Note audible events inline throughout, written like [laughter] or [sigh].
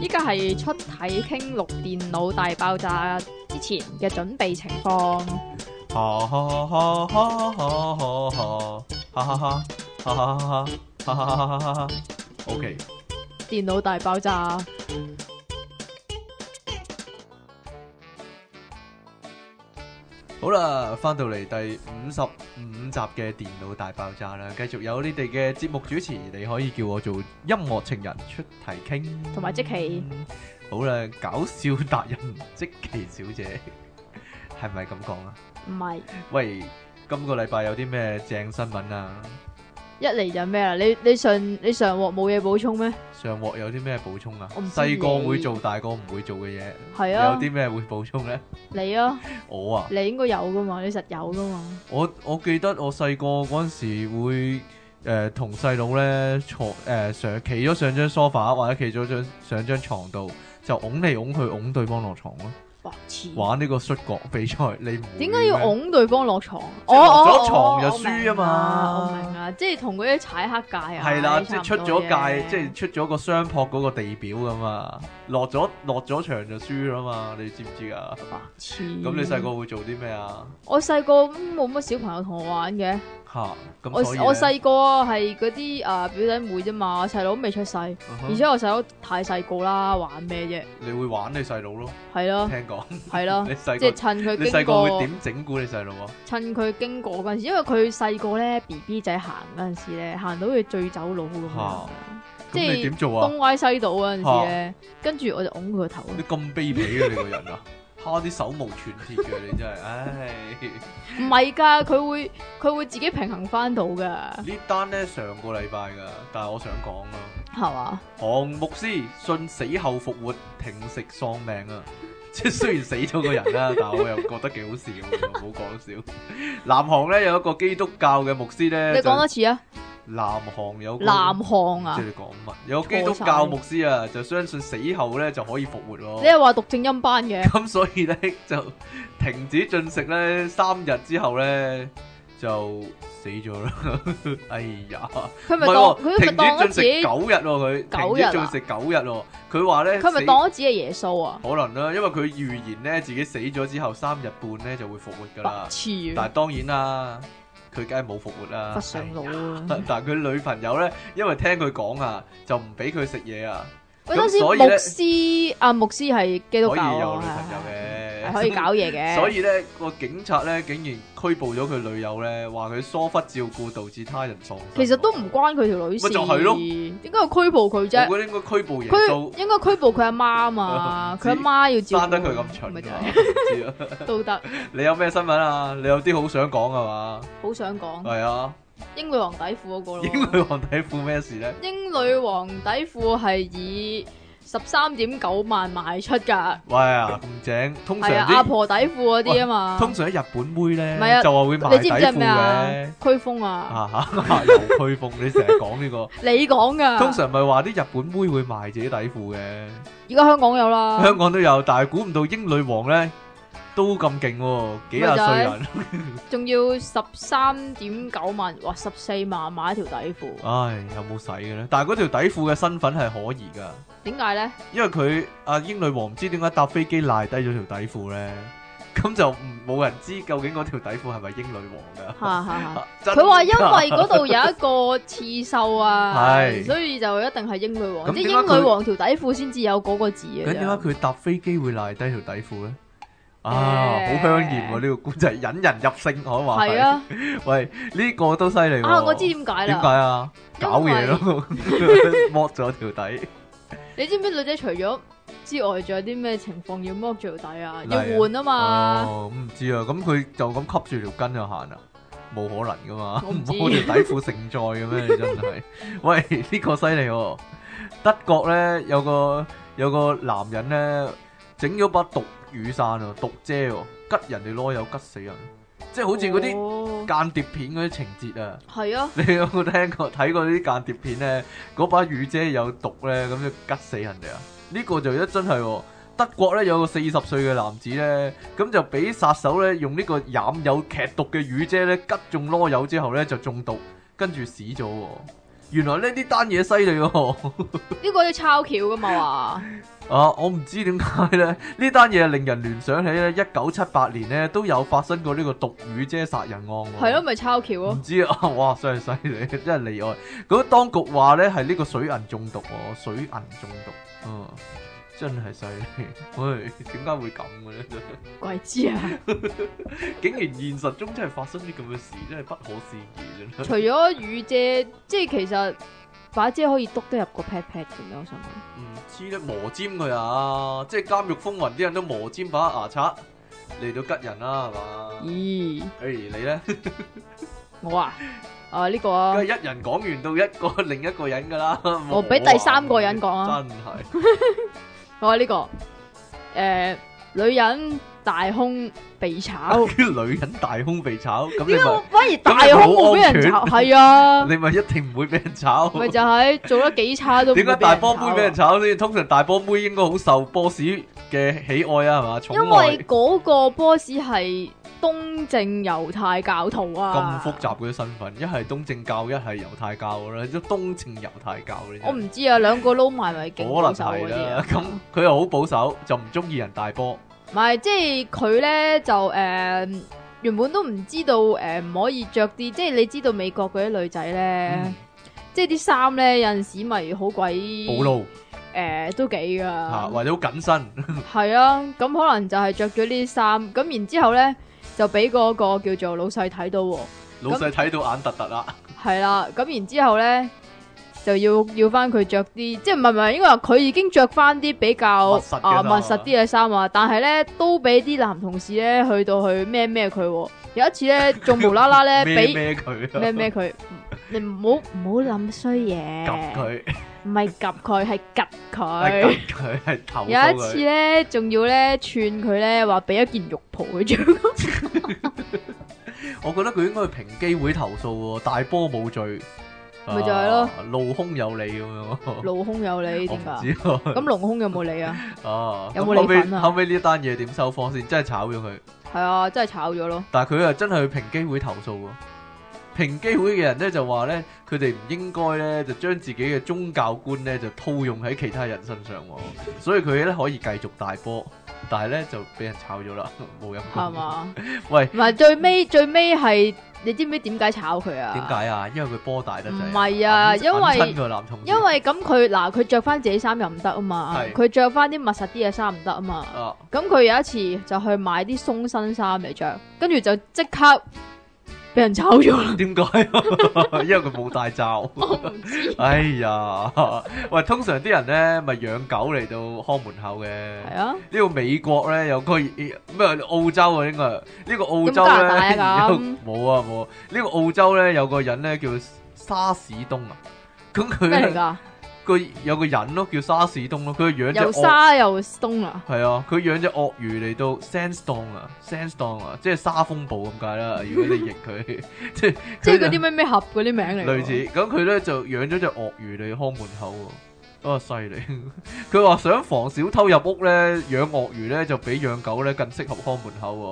依家係出體 king 錄電腦大爆炸之前嘅準備情況。哈！ [music] 哈哈哈哈哈哈！哈哈哈哈哈哈哈哈！OK。Okay. 電腦大爆炸。好啦，翻到嚟第五十五集嘅電腦大爆炸啦，繼續有你哋嘅節目主持，你可以叫我做音樂情人出體 king，同埋積淇、嗯，好啦，搞笑達人積淇小姐，係咪咁講啊？唔係，喂，今個禮拜有啲咩正新聞啊？一嚟就咩啦？你你上你上鑊冇嘢補充咩？上鑊有啲咩補充啊？細個會做，大個唔會做嘅嘢，是啊、有啲咩會補充咧？你啊， [laughs] 我啊，你應該有噶嘛？你實有噶嘛我？我我記得我細個嗰陣時會同細佬咧坐誒、呃、上企咗上張梳化，或者企咗張上張床度就拱嚟拱去拱對方落床咯。玩呢個摔角比賽，你點解要拱對方落床？即係落咗床就輸啊嘛！哦！我明啊，即係同嗰啲踩黑界啊，係啦的，即係出咗界，即係出咗個相撲嗰個地表噶嘛，落咗落咗場就輸啦嘛，你知唔知啊？咁你細個會做啲咩啊？我細個冇乜小朋友同我玩嘅。吓，啊、我我細個係嗰啲啊表弟妹啫嘛，細佬未出世，uh huh. 而且我細佬太細個啦，玩咩啫？你會玩你細佬咯？係咯了，聽講係咯，即係了 [laughs] 趁佢細個點整蠱你細佬？啊？趁佢經過嗰陣時，因為佢細個咧 B B 仔行嗰陣時咧，行到佢似醉酒佬咁即係點做啊？東歪西倒嗰陣時咧，啊、跟住我就拱佢個頭。你咁卑鄙嘅、啊、你個人啊！ [laughs] [laughs] 怕啲手無寸鐵嘅你真係，唉，唔係㗎，佢會佢會自己平衡翻到嘅。單呢單咧上個禮拜㗎。但係我想講啊，係嘛吧？韓牧師信死後復活，停食喪命啊！即 [laughs] 係雖然死咗個人啦、啊， [laughs] 但係我又覺得幾好笑，唔好講笑。南韓咧有一個基督教嘅牧師咧，你講說多就次啊！南韓有個，南韓啊，即係你講乜？有基督教牧師啊，就相信死後咧就可以復活咯。你係話讀正音班嘅，咁所以咧就停止進食咧三日之後咧就死咗啦。 [laughs] 哎呀，佢咪當，哦、當停止進食九日咯、啊？佢、啊、停止進食九日咯、啊。佢話咧，佢咪當咗只係耶穌啊？可能啦，因為佢預言咧自己死咗之後三日半咧就會復活噶啦。但係當然啦。佢梗係冇復活啦， [laughs] 但係佢女朋友咧，因為聽佢講啊，就唔俾佢食嘢啊。嗰陣時牧師啊，牧師係基督教，可以有女朋友嘅，可以搞嘢嘅。所以咧個警察咧，竟然拘捕咗佢女友咧，話佢疏忽照顧導致他人喪生。其實都唔關佢條女事，咪就係咯，點解要拘捕佢啫？我覺得應該拘捕嘢都應該拘捕佢阿媽啊嘛，佢阿媽要照。生得佢咁蠢都得。你有咩新聞啊？你有啲好想講啊嘛？好想講係啊！英女王底褲嗰個咯，英女王底褲咩事咧？英女王底褲係以十三點九萬賣出噶，喂，啊，咁正，通常阿、啊、婆底褲嗰啲啊嘛，通常喺日本妹咧，啊、就話會賣，你知唔知係咩？驅風啊，驅風、啊， [laughs] 你成日講呢個， [laughs] 你講噶的，通常咪話啲日本妹會賣自己底褲嘅，而家香港有啦，香港都有，但係估唔到英女王咧。都咁勁，幾廿歲人，仲要十三點九萬，哇十四萬買一條底褲，唉，有冇使嘅咧？但係嗰條底褲嘅身份係可疑噶，點解咧？因為佢阿英女皇唔知點解搭飛機賴低咗條底褲咧，咁就冇人知究竟嗰條底褲係咪英女皇噶？佢話因為嗰度有一個刺繡啊，所以就一定係英女皇，即係英女皇條底褲先至有嗰個字啊。咁點解佢搭飛機會賴低條底褲咧？啊，好香艷喎！呢個故仔引人入勝，可話係啊。喂，呢個都犀利。啊，我知點解啦。點解啊？搞嘢咯，剝咗條底。你知唔知女仔除咗之外，仲有啲咩情況要剝住條底啊？要換啊嘛。哦，唔知啊。咁佢就咁吸住條筋就行啦，冇可能噶嘛。我條底褲承載嘅咩？你真係。喂，呢個犀利。德國咧有個有個男人咧整咗把毒雨傘啊，毒遮喎、啊，吉人哋囉柚吉死人，即係好似嗰啲間諜片嗰啲情節啊。係、oh. 啊，你有冇聽過睇過嗰啲間諜片咧？嗰把雨遮有毒咧，咁就吉死人哋啊！呢個就一真係、哦，德國咧有個四十歲嘅男子咧，咁就俾殺手咧用個呢個染有劇毒嘅雨遮咧吉中囉柚之後咧就中毒，跟住死咗、啊。原來咧呢單嘢犀利喎，呢 [laughs] 個要抄橋噶嘛？ [laughs] 啊，我唔知點解咧，呢單嘢令人聯想起咧一九七八年咧都有發生過呢個毒雨遮殺人案。係咯，咪抄橋咯？唔知啊，哇，真係犀利，真係厲害。咁當局話咧係呢個水銀中毒哦，水銀中毒，嗯。真係犀利，喂，點解會咁嘅咧？鬼知啊！ [laughs] 竟然現實中真係發生啲咁嘅事，真係不可思議。除咗雨遮， [laughs] 即係其實把遮可以篤得入個 pat pat 嘅咩？我想問。唔知咧磨尖佢啊！即係監獄風雲啲人都磨尖把牙刷嚟到吉人啦，係嘛？咦？誒，你咧？ [laughs] 我啊，誒呢個啊，梗係一人講完到一個另一個人噶啦。我俾第三個人講啊！真係。我呢、哦這個誒、呃，女人大胸被炒， [laughs] 女人大胸被炒，咁你反而大胸會俾人炒，係啊， [laughs] 你咪一定唔會俾人炒，咪 [laughs] [laughs] 就係做得幾差都，點解大波妹俾人炒先？ [laughs] 通常大波妹應該好受 boss 嘅喜愛啊，係嘛，因為嗰個 boss 係。東正猶太教徒啊！咁複雜嘅身份，一係東正教，一係猶太教噶啦，即東正猶太教呢？我唔知啊，兩個撈埋咪勁保守嗰啲。可能係啦，咁佢又好保守，就唔中意人大波。唔係，即係佢咧就誒原本都唔知道誒，唔可以著啲即係你知道美國嗰啲女仔咧，即係啲衫咧有陣時咪好鬼暴露誒，都幾噶，或者好緊身。係啊，咁可能就係著咗呢啲衫咁，然之後咧。就俾嗰個叫做老細睇到喎，哦，老細睇到眼突突啦。係啦， [laughs] 咁然之後咧就要要翻佢着啲，即係唔係唔係，應該話佢已經着翻啲比較啊密實啲嘅衫啊，但係咧都俾啲男同事咧去到去咩咩佢，有一次咧仲無啦啦咧俾咩佢咩咩佢。你唔好唔好諗衰嘢，夾佢，唔係夾佢，係夾佢，夾佢係投訴佢。有一次咧，仲要咧，串佢咧，話俾一件玉袍佢着。我覺得佢應該去平機會投訴喎，大波冇罪咪就係咯，露胸有理咁樣咯。露胸有理點啊？咁隆胸有冇理啊？哦，有冇理份啊？後尾呢單嘢點收科先？真係炒咗佢，係啊，真係炒咗咯。但係佢又真係去平機會投訴喎。平機會嘅人咧就話咧，佢哋唔應該咧就將自己嘅宗教觀咧就套用喺其他人身上，所以佢咧可以繼續大波，但係咧就俾人炒咗啦，冇飲過係嘛？嗎喂，唔係最尾最尾係，你知唔知點解炒佢啊？點解啊？因為佢波大得滯，唔係啊？因為因為咁佢嗱，佢着翻自己衫又唔得啊嘛，佢着翻啲密實啲嘅衫唔得啊嘛。咁佢、啊、有一次就去買啲鬆身衫嚟着，跟住就即刻。俾人炒咗啦！點解？因為佢冇戴罩。哎呀，喂，通常啲人咧咪養狗嚟到看門口嘅。係啊。呢個美國咧有個咩？澳洲啊，應該。呢個澳洲咧，冇啊冇。呢個澳洲咧有個人咧叫沙士東啊。咁佢咩嚟噶？佢有個人咯，叫沙士東咯，佢養隻鱷，又沙又東啊！係啊，佢養隻鱷魚嚟到 sandstone 啊，sandstone 啊，即係沙風暴咁解啦。 [laughs] 如果你認佢，即即係啲咩咩盒嗰啲名嚟。類似咁佢咧就養咗隻鱷魚嚟看門口，啊，哇犀利！佢話 [laughs] 想防小偷入屋咧，養鱷魚咧就比養狗咧更適合看門口。啊。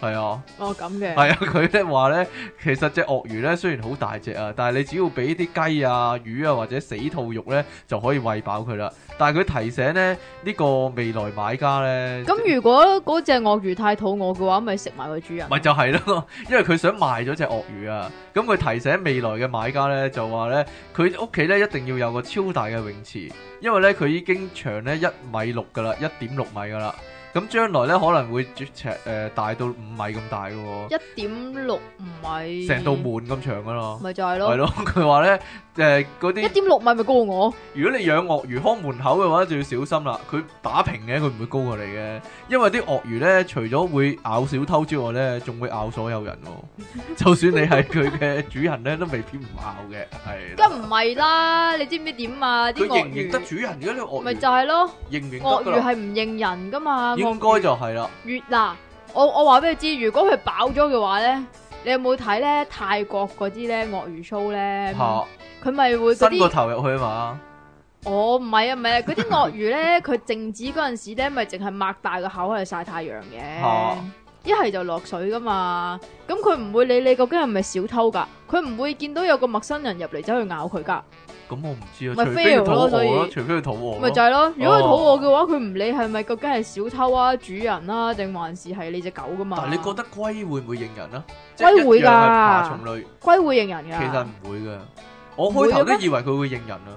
係啊，哦咁嘅，係啊，佢咧話咧，其實隻鱷魚咧雖然好大隻啊，但係你只要俾啲雞啊、魚啊或者死兔肉咧，就可以餵飽佢啦。但係佢提醒咧，呢個未來買家咧，咁如果嗰隻鱷魚太肚餓嘅話，咪食埋個主人咪就係咯，因為佢想賣咗隻鱷魚啊。咁佢提醒未來嘅買家咧，就話咧，佢屋企咧一定要有個超大嘅泳池，因為咧佢已經長咧一米六噶啦，一點六米噶啦。咁將來咧可能會絕長誒大到五米咁大嘅喎，哦，一點六米，成道門咁長嘅咯，咪就係咯，係咯佢話咧誒啲一點六米咪高過我。如果你養鱷魚看門口嘅話，就要小心啦。佢打平嘅，佢唔會高過你嘅，因為啲鱷魚咧除咗會咬小偷之外咧，仲會咬所有人喎，哦。 [laughs] 就算你係佢嘅主人咧，都未必唔咬嘅。係，梗唔係啦，你知唔知點啊？啲鱷魚認唔認得主人？如果你鱷魚，咪就係咯，認唔認鱷魚係唔認人嘅嘛。應該就係啦。越嗱，我我話俾你知，如果佢飽咗嘅話咧，你有冇睇咧泰國嗰啲咧鱷魚騷咧？佢咪、啊、會伸個頭入去啊嘛？哦，唔係啊，唔係啊，嗰啲鱷魚咧，佢靜止嗰陣時咧，咪淨係擘大個口去曬太陽嘅。啊一係就落水噶嘛，咁佢唔會理你究竟係咪小偷噶，佢唔會見到有個陌生人入嚟走去咬佢噶。咁我唔知啊，除非佢肚餓，除非佢肚餓，咪就係咯。如果佢肚餓嘅話，佢唔理係咪究竟係小偷啊、主人啊，定還是係你隻狗噶嘛。但係你覺得龜會唔會認人啊？龜會噶，爬蟲類，龜會認人噶。其實唔會噶，我開頭都以為佢會認人啊。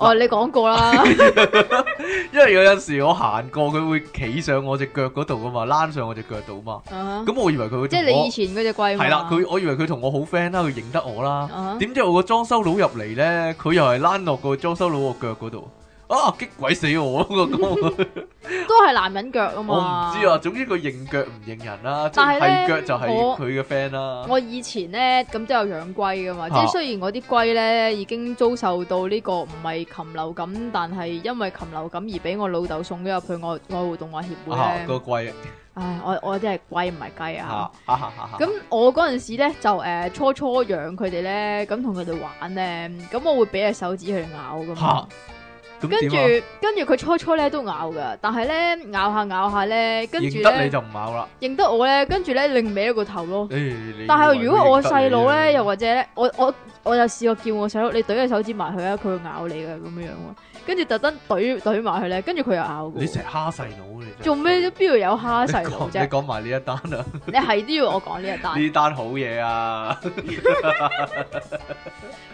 哦，你講過啦， [laughs] [laughs] 因為有陣時我行過佢會企上我隻腳嗰度噶嘛，躝上我隻腳度嘛，咁、huh. 我以為佢會即係你以前嗰隻龜係啦，佢我以為佢同我好 friend 啦，佢認得我啦，點、uh huh. 知我個裝修佬入嚟咧，佢又係躝落個裝修佬個腳嗰度。啊！激鬼死我，嗰個 [laughs] 都係男人腳啊嘛！我唔知啊，總之佢認腳唔認人啦，啊。但係咧，就係佢嘅 friend 啦。啊，我以前咧咁都有養龜噶嘛，啊，即係雖然我啲龜咧已經遭受到呢個唔係禽流感，但係因為禽流感而俾我老豆送咗入去愛愛護動物協會咧，啊嗰個龜。唉，我我啲係龜唔係雞啊！咁，啊啊啊啊，我嗰陣時咧就誒，呃，初初養佢哋咧，咁同佢哋玩咧，咁我會俾隻手指去咬噶嘛。啊。跟住，跟住佢初初咧都咬噶，但係咧咬下咬下咧，跟住咧認得你就唔咬啦，認得我咧，跟住咧擰歪個頭咯。誒、哎，但係如果我細佬咧，又或者呢我我我又試過叫我細佬，你懟隻手指埋去啊，佢會咬你噶咁樣樣。跟住特登懟懟埋佢咧，跟住佢又咬。你成日蝦細佬嚟！做咩？都邊度有蝦細佬啫？你講埋呢一單啦！你係都要我講呢一單。呢單好嘢啊！呢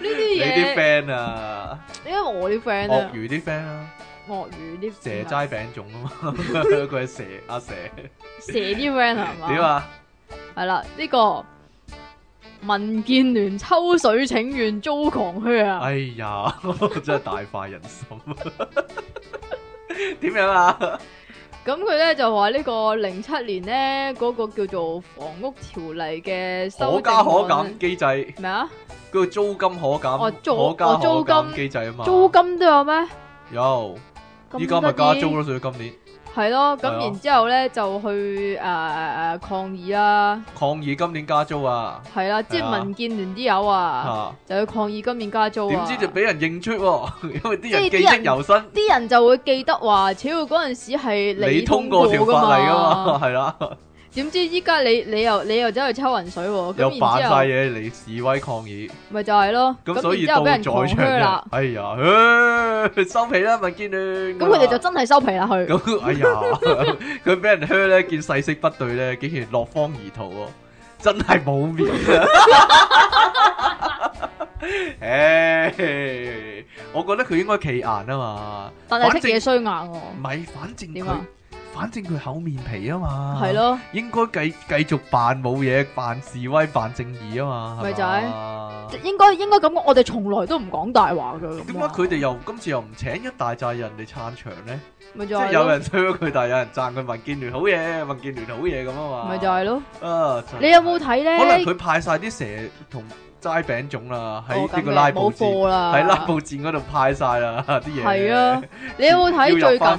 啲嘢。你啲 friend 啊！因為我啲 friend 啊。鱷魚啲 friend 啦。鱷魚啲。蛇齋餅種啊嘛！佢係蛇，阿蛇。蛇啲 friend 係嘛？點啊？係啦，呢個。民建聯抽水請願租狂靴啊！哎呀，真係大快人心啊！點樣啊？咁佢咧就話呢個零七年咧嗰個叫做房屋條例嘅可加可減機制咩啊？嗰個租金可減可加可減機制啊？嘛租金都有咩？有，依家咪加租咯，所以今年。係咯，咁然之後咧就去誒誒、呃呃、抗議啦，抗議今年加租啊！係啦了，即係民建聯啲友啊，就去抗議今年加租，啊，點知就俾人認出喎，啊，因為啲人記憶猶新，啲人，人就會記得話，超嗰陣時係你通過條法嚟㗎嘛，係啦。 [laughs] 點知依家你你又你又走去抽渾水，又扮晒嘢，嚟示威抗議，咪就係咯。咁所以之後俾人再 hurt 啦。哎呀，收皮啦，咪見你！咁佢哋就真係收皮啦佢！咁哎呀，佢俾 [laughs] [laughs] 人 hurt 咧，見勢色不對咧，竟然落荒而逃，真係冇面誒， [laughs] [laughs] hey, 我覺得佢應該企硬啊嘛，但係識嘢衰硬喎。唔係，反正點啊？反正佢厚面皮啊嘛，係咯，應該繼繼續扮冇嘢，扮示威，扮正義啊嘛，咪就係應該應該咁，我哋從來都唔講大話㗎。點解佢哋又的今次又唔請一大扎人嚟撐場咧？咪就係即係有人傷佢，的但係有人讚佢。民建聯好嘢，民建聯好嘢咁啊嘛。咪就係咯。啊的！你有冇睇咧？可能佢派晒啲蛇同。拉餅種啦，喺呢、哦、個拉布戰，喺拉布戰嗰度派晒啦啲嘢。係啊， [laughs] 你有冇睇最近 [laughs] 啊？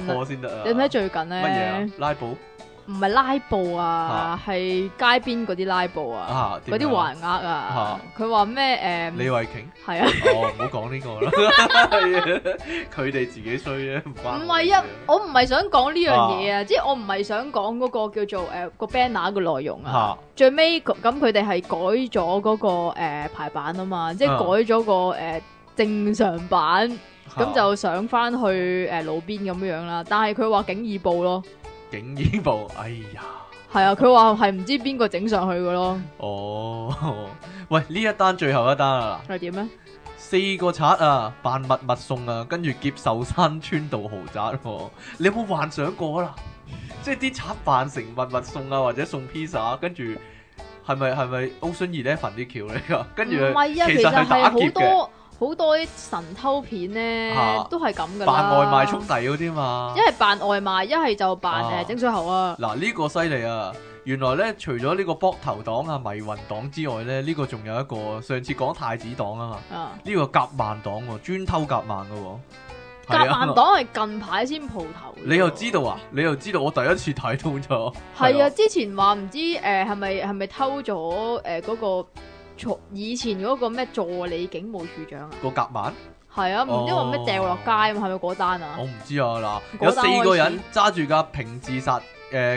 你有冇睇最近咧？乜嘢啊？拉布。唔係拉布啊，係街邊嗰啲拉布啊，嗰啲橫額啊，佢話咩？誒，李慧瓊係啊，我唔好講呢個啦。佢哋自己衰啫，唔關。唔係啊，我唔係想講呢樣嘢啊，即係我唔係想講嗰個叫做誒個 banner 嘅內容啊。最尾咁佢哋係改咗嗰個誒排版啊嘛，即係改咗個誒正常版，咁就上翻去誒路邊咁樣樣啦。但係佢話警二報咯。警衣部，哎呀，係啊，佢話係唔知邊個整上去嘅咯。哦，喂，呢一單最後一單啊，係點咩？四個賊啊，扮戶戶送啊，跟住劫壽山村道豪宅。哦、你有冇幻想過啦、啊？即係啲賊扮成戶戶送啊，或者送披薩、啊，跟住係咪係咪 Ocean Eleven？焚啲橋嚟噶，跟住、啊、其實係打劫嘅。好多啲神偷片咧，啊、都係咁噶啦。扮外賣充抵嗰啲嘛，一係扮外賣，一係就扮誒整水喉啊。嗱呢、啊，這個犀利啊！原來咧，除咗呢個膊頭黨啊、迷魂黨之外咧，呢、這個仲有一個。上次講太子黨啊嘛，呢、啊、個夾萬黨，專偷夾萬噶。夾萬黨係近排先蒲頭、啊。 [laughs] 你又知道啊？你又知道？我第一次睇到咗。係 [laughs] 啊，之前話唔知誒，係咪係咪偷咗誒嗰個？以前嗰個咩助理警務處長啊？個夾板？係啊、哦，唔知話咩掉落街啊？係咪嗰單啊？我唔知啊，嗱，有四個人揸住架平治殺誒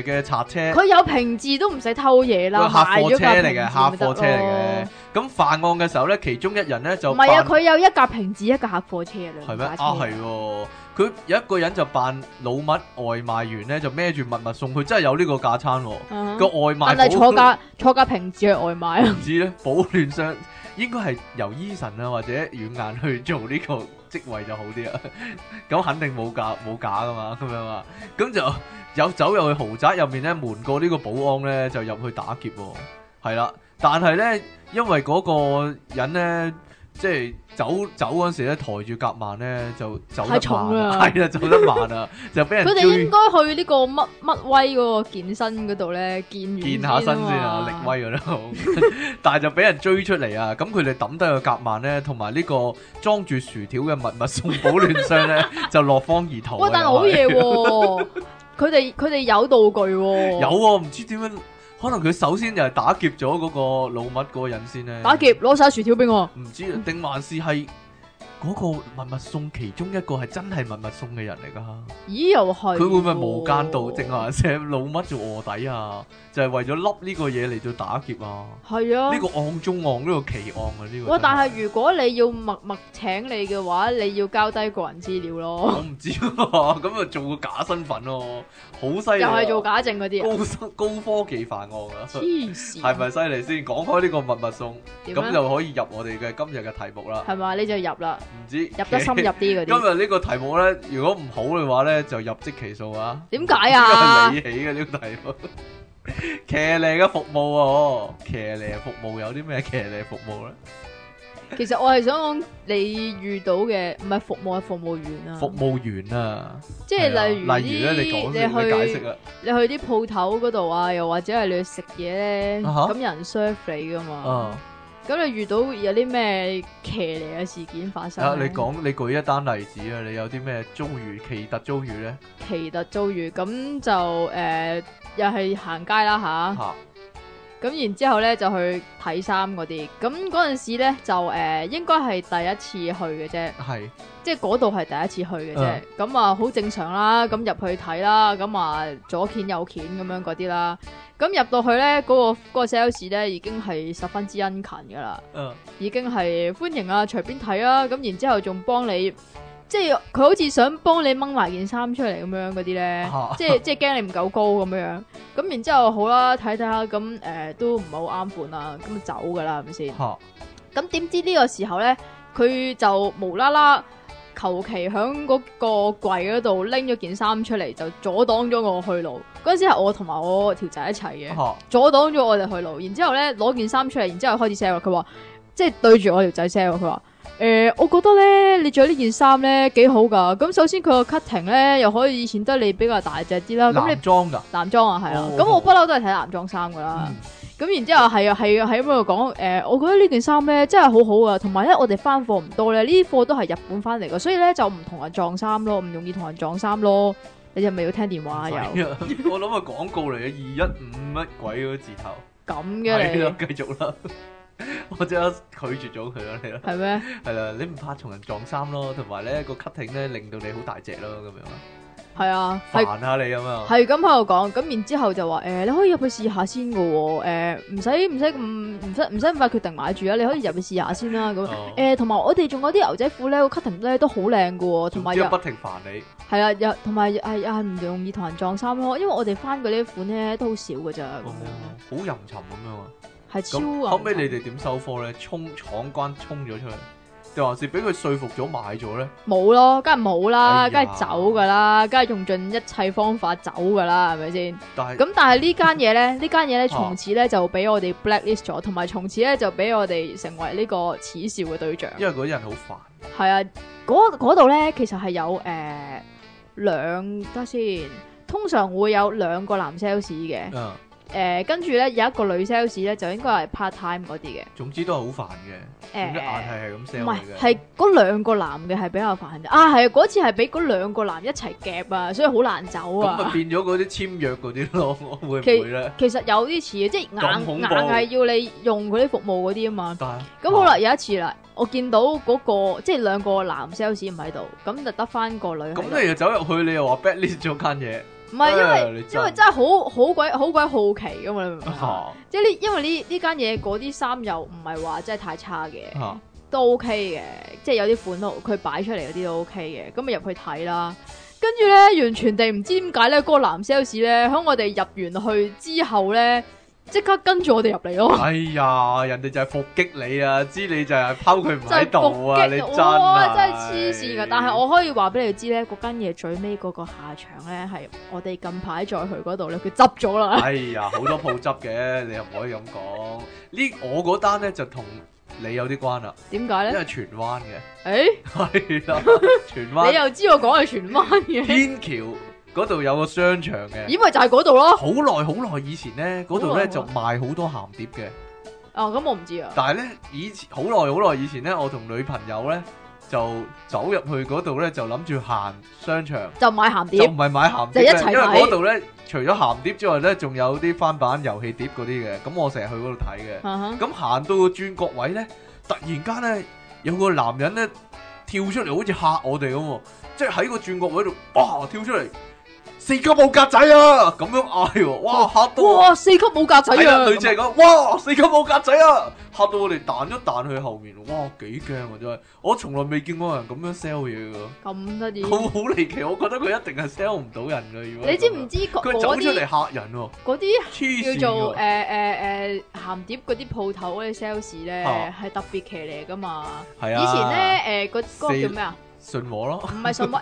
嘅賊車，佢有平治都唔使偷嘢啦，客貨車嚟嘅，客貨車嚟嘅。咁、哦、犯案嘅時候咧，其中一人咧就唔係啊，佢有一架平治，一架客貨車啦，係咩啊？係。佢有一個人就扮老物外賣員咧，就孭住物物送，佢真係有呢個架撐個外賣，但係坐架坐架平紙嘅外賣啊？唔知咧，保暖箱應該係由 Eason 啊或者軟眼去做呢個職位就好啲啊。咁 [laughs] 肯定冇假冇假噶嘛，咁樣啊，咁就有走入去豪宅入面咧，瞞過呢個保安咧，就入去打劫喎、啊。係啦，但係咧，因為嗰個人咧。即係走走嗰時咧，抬住夾萬咧就走得慢，係啊重走得慢啊， [laughs] 就俾人佢哋應該去呢個乜乜威嘅健身嗰度咧健健下身先啊，力威嗰度， [laughs] 但係就俾人追出嚟啊！咁佢哋抌低個夾萬咧，同埋呢個裝住薯條嘅密密送保暖箱咧， [laughs] 就落荒而逃、啊。喂，但係好嘢喎，佢哋佢哋有道具喎、啊，有喎、啊、唔知點樣。可能佢首先就係打劫咗嗰個老麥嗰個人先咧，打劫攞晒薯條俾我，唔知定還是係。嗰個密密送其中一個係真係密密送嘅人嚟㗎，咦又係佢會唔會無間道正啊？寫老乜做臥底啊？就係為咗笠呢個嘢嚟做打劫啊？係啊，呢個案中案呢個奇案啊！呢個哇！但係如果你要密密請你嘅話，你要交低個人資料咯。我唔知啊，咁啊做個假身份咯，好犀利！又係做假證嗰啲高高科技犯案啊！黐線，係咪犀利先？講開呢個密密送，咁就可以入我哋嘅今日嘅題目啦。係嘛？你就入啦。唔知入得深入啲嗰啲。 [laughs] 今日呢個題目咧，如果唔好嘅話咧，就入即其數啊！點解啊？你起嘅呢個題目，騎呢嘅服務哦，騎呢嘅服務有啲咩騎呢嘅服務咧？其實我係想講你遇到嘅，唔係服務係服務員啊， [laughs] 服務員啊，即係 [laughs] 例如例如咧，你講你去你解釋啊，你去啲鋪頭嗰度啊，又或者係你去食嘢咧，咁人 serve 你噶嘛？嗯咁你遇到有啲咩騎呢嘅事件發生？啊，你講你舉一單例子啊！你有啲咩遭遇奇特遭遇咧？奇特遭遇咁就誒、呃，又係行街啦嚇。啊啊咁然之後咧就去睇衫嗰啲，咁嗰陣時咧就誒、呃、應該係第一次去嘅啫，係是，即係嗰度係第一次去嘅啫，咁啊好正常啦，咁、嗯、入去睇啦，咁啊左揀右揀咁樣嗰啲啦，咁入到去咧嗰個 sales 咧已經係十分之殷勤㗎喇，嗯，掀掀嗯那個那個、已經係、uh. 歡迎啊，隨便睇啊，咁然之後仲幫你。即係佢好似想幫你掹埋件衫出嚟咁樣嗰啲咧，即係即係驚你唔夠高咁樣。咁然之後好啦，睇睇下咁誒，都唔係好啱款啦，咁就走噶啦，係咪先？咁點知呢個時候咧，佢就無啦啦，求其響嗰個櫃嗰度拎咗件衫出嚟，就阻擋咗我去路。嗰陣時係我同埋我條仔一齊嘅， [laughs] 阻擋咗我哋去路。然之後咧攞件衫出嚟，然之後開始 sell，佢話即係對住我條仔 sell，佢話。誒，我覺得咧，你着呢件衫咧幾好噶。咁首先佢個 cutting 咧又可以顯得你比較大隻啲啦。咁你裝噶？男裝啊，係啊。咁我不嬲都係睇男裝衫噶啦。咁然之後係啊，係啊，喺咁樣講。誒，我覺得呢件衫咧真係好好啊，同埋咧，我哋翻貨唔多咧，呢啲貨都係日本翻嚟噶，所以咧就唔同人撞衫咯，唔容易同人撞衫咯。你係咪要聽電話又？啊，我諗係廣告嚟嘅，二一五乜鬼個字頭。咁嘅。繼續啦。我即刻拒絕咗佢咯，你咯。係咩？係啦，你唔怕同人撞衫咯，同埋咧個 cutting 咧令到你好大隻咯，咁樣。係啊，煩下你咁樣啊。係咁喺度講，咁然之後就話誒、呃，你可以入去試下先嘅喎，唔使唔使唔唔使唔使咁快決定買住啊，你可以入去試下先啦咁。誒，同埋、哦欸、我哋仲有啲牛仔褲咧，個 cutting 咧都好靚嘅喎，同埋又不停煩你。係啊，又同埋又又係唔容易同人撞衫咯，因為我哋翻嗰啲款咧都好少㗎咋咁樣、哦，好淫尋咁樣。係超後尾，你哋點收科咧？衝闖關衝咗出去，定還是俾佢說服咗買咗咧？冇咯，梗係冇啦，梗係、哎、呀 走噶啦，梗係用盡一切方法走噶啦，係咪先？咁但係是 呢間嘢咧， [laughs] 呢間嘢咧，從此咧就俾我哋 blacklist 咗，同埋、啊、從此咧就俾我哋成為呢個恥笑嘅對象。因為嗰啲人好煩。係啊，嗰度咧其實係有誒、呃、兩，等下先，通常會有兩個男 sales 嘅。嗯誒，跟住咧，有一個女 sales 咧，就應該係 part time 嗰啲嘅。總之都係好煩嘅，眼係係咁 sell 嘅。唔係，係嗰兩個男嘅係比較煩。啊，係嗰次係俾嗰兩個男一齊夾啊，所以好難走啊。咁啊，變咗嗰啲簽約嗰啲咯，會唔會咧？其實有啲似嘅，即係硬硬係要你用佢啲服務嗰啲啊嘛。咁好啦，有一次啦，我見到嗰個即係兩個男 sales 唔喺度，咁就得翻個女。咁你又走入去，你又話 bad lead 咗間嘢。唔係，因為、欸、因為真係好好鬼好鬼好奇㗎嘛，你明唔明？即係呢，因為呢呢間嘢嗰啲衫又唔係話真係太差嘅，啊、都 OK 嘅，即係有啲款都佢擺出嚟嗰啲都 OK 嘅。咁啊，入去睇啦，跟住咧完全地唔知點解咧，嗰、個男 sales 咧喺我哋入完去之後咧。即刻跟住我哋入嚟咯！哎呀，人哋就係伏擊你啊，知你就係拋佢唔喺度啊！你真啊、哦，真係黐線嘅！哎、但係我可以話俾你知咧，嗰間嘢最尾嗰個下場咧，係我哋近排再去嗰度咧，佢執咗啦！哎呀，好多鋪執嘅， [laughs] 你又唔可以咁講。我呢我嗰單咧就同你有啲關啦。點解咧？因為荃灣嘅。誒、欸，係啊，荃灣。你又知我講係荃灣嘅 [laughs] 天橋。嗰度有個商場嘅，咁咪就係嗰度咯。好耐好耐以前呢，嗰度呢就賣好多鹹碟嘅。哦，咁我唔知啊。嗯嗯、知啊，但係呢，以前好耐好耐以前呢，我同女朋友呢就走入去嗰度呢，就諗住行商場，就買鹹碟，就唔係買鹹碟。就一齊買。因為嗰度呢，除咗鹹碟之外呢，仲有啲翻版遊戲碟嗰啲嘅。咁我成日去嗰度睇嘅。咁行、uh huh. 到個轉角位呢，突然間呢，有個男人呢跳出嚟，好似嚇我哋咁喎，即係喺個轉角位度，哇，跳出嚟！四級冇格仔啊！咁樣嗌，哇嚇到！哇四級冇格仔啊！女仔講，哇四級冇格仔啊！嚇到我哋彈咗彈去後面，哇幾驚啊！真係，我從來未見過人咁樣 sell 嘢噶。咁得意，好好離奇，我覺得佢一定係 sell 唔到人噶。如果你知唔知佢走出嚟嚇人喎？嗰啲叫做誒誒誒鹹碟嗰啲鋪頭嗰啲 sales 咧，係特別騎呢噶嘛？係啊。以前咧誒個嗰個叫咩啊？信和咯，唔係信和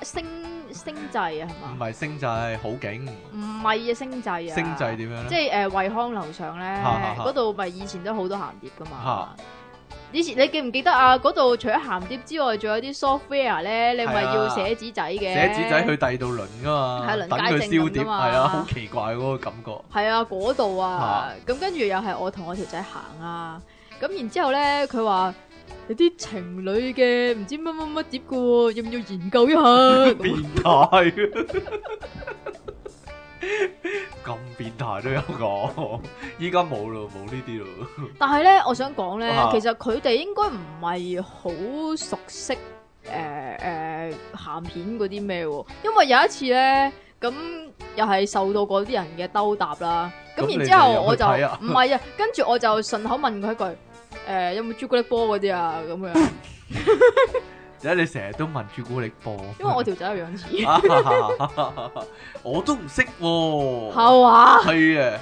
星際啊，係嘛？唔係星際，好景。唔係啊，星際啊。星際點樣，即係誒惠康樓上咧，嗰度咪以前都好多鹹碟噶嘛。 [laughs] 以前你記唔記得啊？嗰度除咗鹹碟之外，仲有啲 software 咧，你咪要寫紙仔嘅。 [laughs] 寫紙仔去第二度輪噶嘛，係輪街正啊嘛，係 [laughs] 啊，好奇怪嗰個感覺。係啊，嗰度啊，咁跟住又係我同我條仔行啊，咁然之後咧，佢話。有啲情侶嘅，唔知乜乜乜碟嘅喎，要唔要研究一下？變態，咁變態都有講，依家冇咯，冇呢啲咯。但係咧，我想講咧，其實佢哋應該唔係好熟悉誒誒鹹片嗰啲咩，因為有一次咧，咁又係受到嗰啲人嘅兜搭啦，咁然之後我就唔係啊，跟住我就順口問佢一句。誒、欸，有冇朱古力波嗰啲啊？咁樣，而家你成日都問朱古力波？因為我條仔有樣似、 [laughs] 啊。我都唔識喎。係嘛？係啊，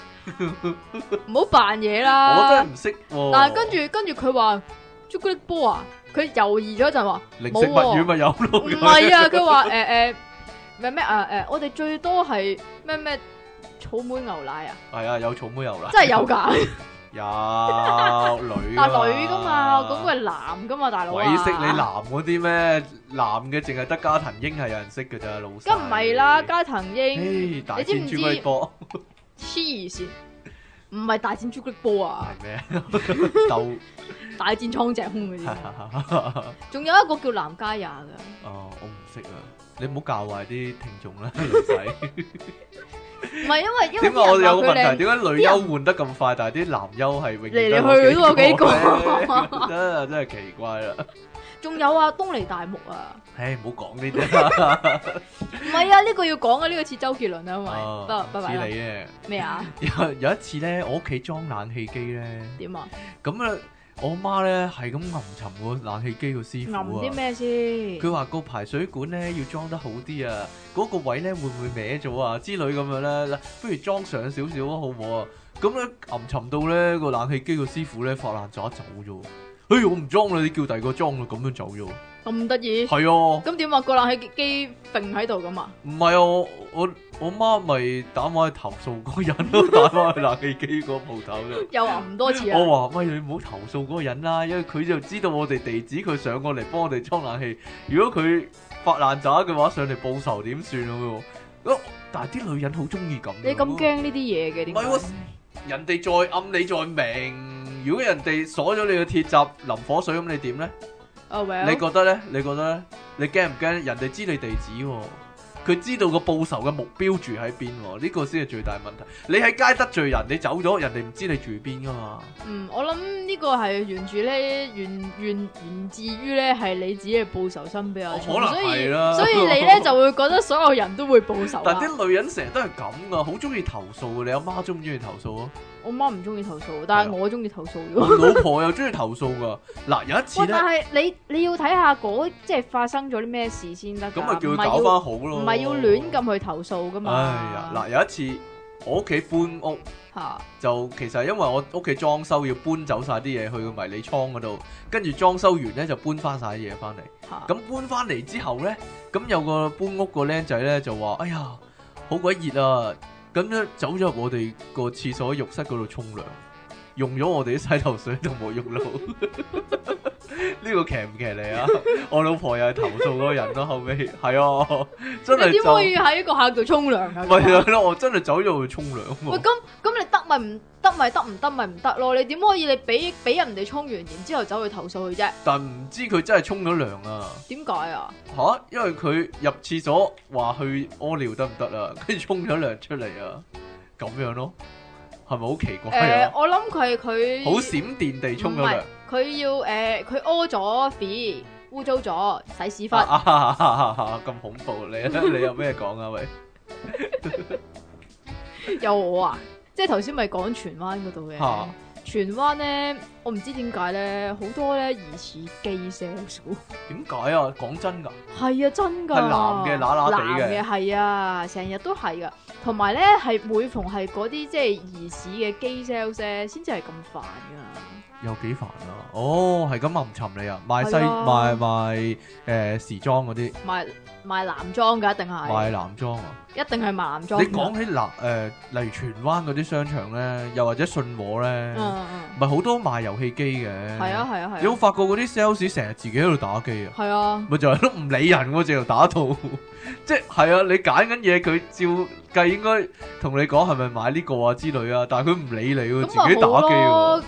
唔好扮嘢啦。我真係唔識。但係跟住跟住佢話朱古力波啊，佢猶豫咗一陣話，零食物語咪有咯。唔係啊，佢話誒誒咩咩啊誒、啊啊，我哋最多係咩咩草莓牛奶啊。係 [laughs] 啊，有草莓牛奶。真係有噶。有女啊！男噶嘛？咁佢係男噶嘛？大佬鬼識你男嗰啲咩？男嘅淨係得加藤鷹係有人識嘅咋，老細。咁唔係啦，加藤鷹。你知唔知？大戰朱古力波？黐線，唔係大戰朱古力波啊！係咩？鬥大戰蒼井空嗰啲。仲有一個叫南佳也噶。哦，我唔識啊！你唔好教壞啲聽眾啦，老細。唔係，因為，因為點解我有個問題，點解女優換得咁快？但係啲男優係永遠嚟嚟去去都有幾個，真係真係奇怪啦。仲有啊，東尼大木啊，唉，唔好講呢啲啦。唔係啊，呢個要講啊，呢個似周杰倫啊，咪，拜拜拜拜。咩啊？有有一次咧，我屋企裝冷氣機咧，點啊？咁啊。我媽咧係咁吟沉個冷氣機個師傅啊！吟啲咩先？佢話個排水管咧要裝得好啲啊，嗰個位咧會唔會歪咗啊？之類咁樣咧，不如裝上少少啊，好唔好啊？咁咧吟沉到咧個冷氣機個師傅咧發爛咗走咗。哎呀，我唔裝啦，你叫第二個裝啦，咁樣走咗。咁得意？係啊。咁點啊？個冷氣機揈喺度咁啊？唔係啊，我。我媽咪打我去投訴嗰人都打翻去冷氣機個鋪頭嘅，有咁多次啊！我話喂，你唔好投訴嗰個人啦，因為佢就知道我哋地址，佢上過嚟幫我哋沖冷氣。如果佢發爛渣嘅話，上嚟報仇點算啊？咁但係啲女人好中意咁，你咁驚呢啲嘢嘅？唔係喎，人哋再暗，你再明。如果人哋鎖咗你個鐵閘淋火水，咁你點咧？你覺得咧？你覺得咧？你驚唔驚？人哋知你地址喎？佢知道個報仇嘅目標住喺邊喎？呢個先係最大問題。你喺街得罪人，你走咗，人哋唔知你住邊噶嘛？嗯，我諗呢個係源住咧，源源源至於呢，係你自己報仇心比較重，可能係啦。所以所以你呢就會覺得所有人都會報仇啊。 [laughs] 但啲女人成日都係咁噶，好中意投訴。你阿媽中唔中意投訴啊？我媽唔中意投訴，但係我中意投訴，啊。 [laughs] 老婆又中意投訴噶。嗱、 [laughs] 啊、有一次咧，但係你你要睇下嗰即係發生咗啲咩事先得。咁咪叫佢搞翻好咯，唔係要，要亂咁去投訴噶嘛。哎呀，嗱、啊、有一次我屋企搬屋，啊、就其實因為我屋企裝修要搬走晒啲嘢去個迷你倉嗰度，跟住裝修完咧就搬翻晒啲嘢翻嚟。咁、啊、搬翻嚟之後咧，咁有個搬屋個僆仔咧就話：哎呀，好鬼熱啊！咁樣走咗我哋個廁所浴室嗰度沖涼，用咗我哋啲洗頭水同沐浴露。 [laughs] 呢 [laughs] 個騎唔騎呢啊？我老婆又係投訴嗰個人咯，啊，後尾，係 [laughs] 啊，真係點可以喺個客度沖涼啊？係 [laughs] 咯 [laughs] 、啊，我真係走咗去沖涼。喂，咁咁你得咪唔得咪得唔得咪唔得咯？你點可以你俾俾人哋沖完，然之後走去投訴佢啫？但唔知佢真係沖咗涼啊？點解啊？吓，因為佢入廁所話去屙尿得唔得啊？跟住沖咗涼出嚟啊，咁樣咯，係咪好奇怪啊？呃、我諗佢佢好閃電地沖咗涼。佢要誒，佢屙咗屎，污糟咗，洗屎忽。咁恐怖，你你有咩講啊？喂，有我啊！即係頭先咪講荃灣嗰度嘅，荃灣咧，我唔知點解咧，好多咧疑似機 sales。點解啊？講真噶，係啊，真噶，男嘅乸乸地嘅，係啊，成日都係噶，同埋咧係每逢係嗰啲即係疑似嘅機 sales 咧，先至係咁煩噶有幾煩啊！哦，係咁唔尋你啊，賣西、啊、賣賣誒時裝嗰啲賣。賣男裝嘅一定係賣男裝啊！一定係賣男裝。男裝你講起男誒、呃，例如荃灣嗰啲商場咧，又或者信和咧，唔係好多賣遊戲機嘅。係啊係啊係啊！有冇發覺嗰啲 sales 成日自己喺度打機啊？係啊，咪就係都唔理人，淨係打到，即係係啊！你揀緊嘢，佢照計應該同你講係咪買呢個啊之類啊，但係佢唔理你，自己打機。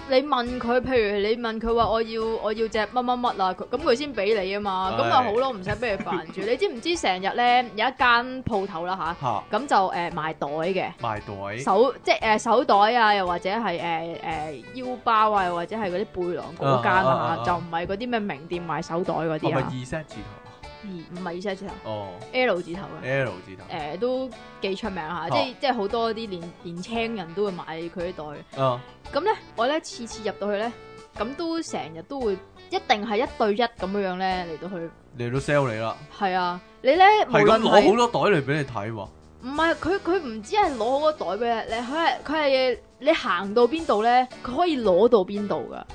你問佢，譬如你問佢話我要我要隻乜乜乜啊，咁佢先俾你啊嘛，咁咪、就是，好咯，唔使俾佢煩住。 [laughs] [laughs] 你知唔知？成日咧有一間鋪頭啦吓，咁、啊、就誒賣、呃、袋嘅，賣袋手即係誒、呃、手袋啊，又或者係誒誒腰包啊，又或者係嗰啲背囊嗰間啊吓，啊啊啊就唔係嗰啲咩名店賣手袋嗰啲啊。係咪 Z 字頭？唔係 Z 字頭哦，L 字頭嘅。L 字頭誒、呃、都幾出名吓、啊，即係即係好多啲年年青人都會買佢啲袋。咁咧、啊嗯、我咧次次入到去咧，咁都成日都會一定係一對一咁樣樣咧嚟到去。你都 sell 你啦，係啊，你咧，係咁攞好多袋嚟俾你睇喎。唔係，佢佢唔知係攞好多袋俾你，佢係佢係你行到邊度咧佢可以攞到邊度噶。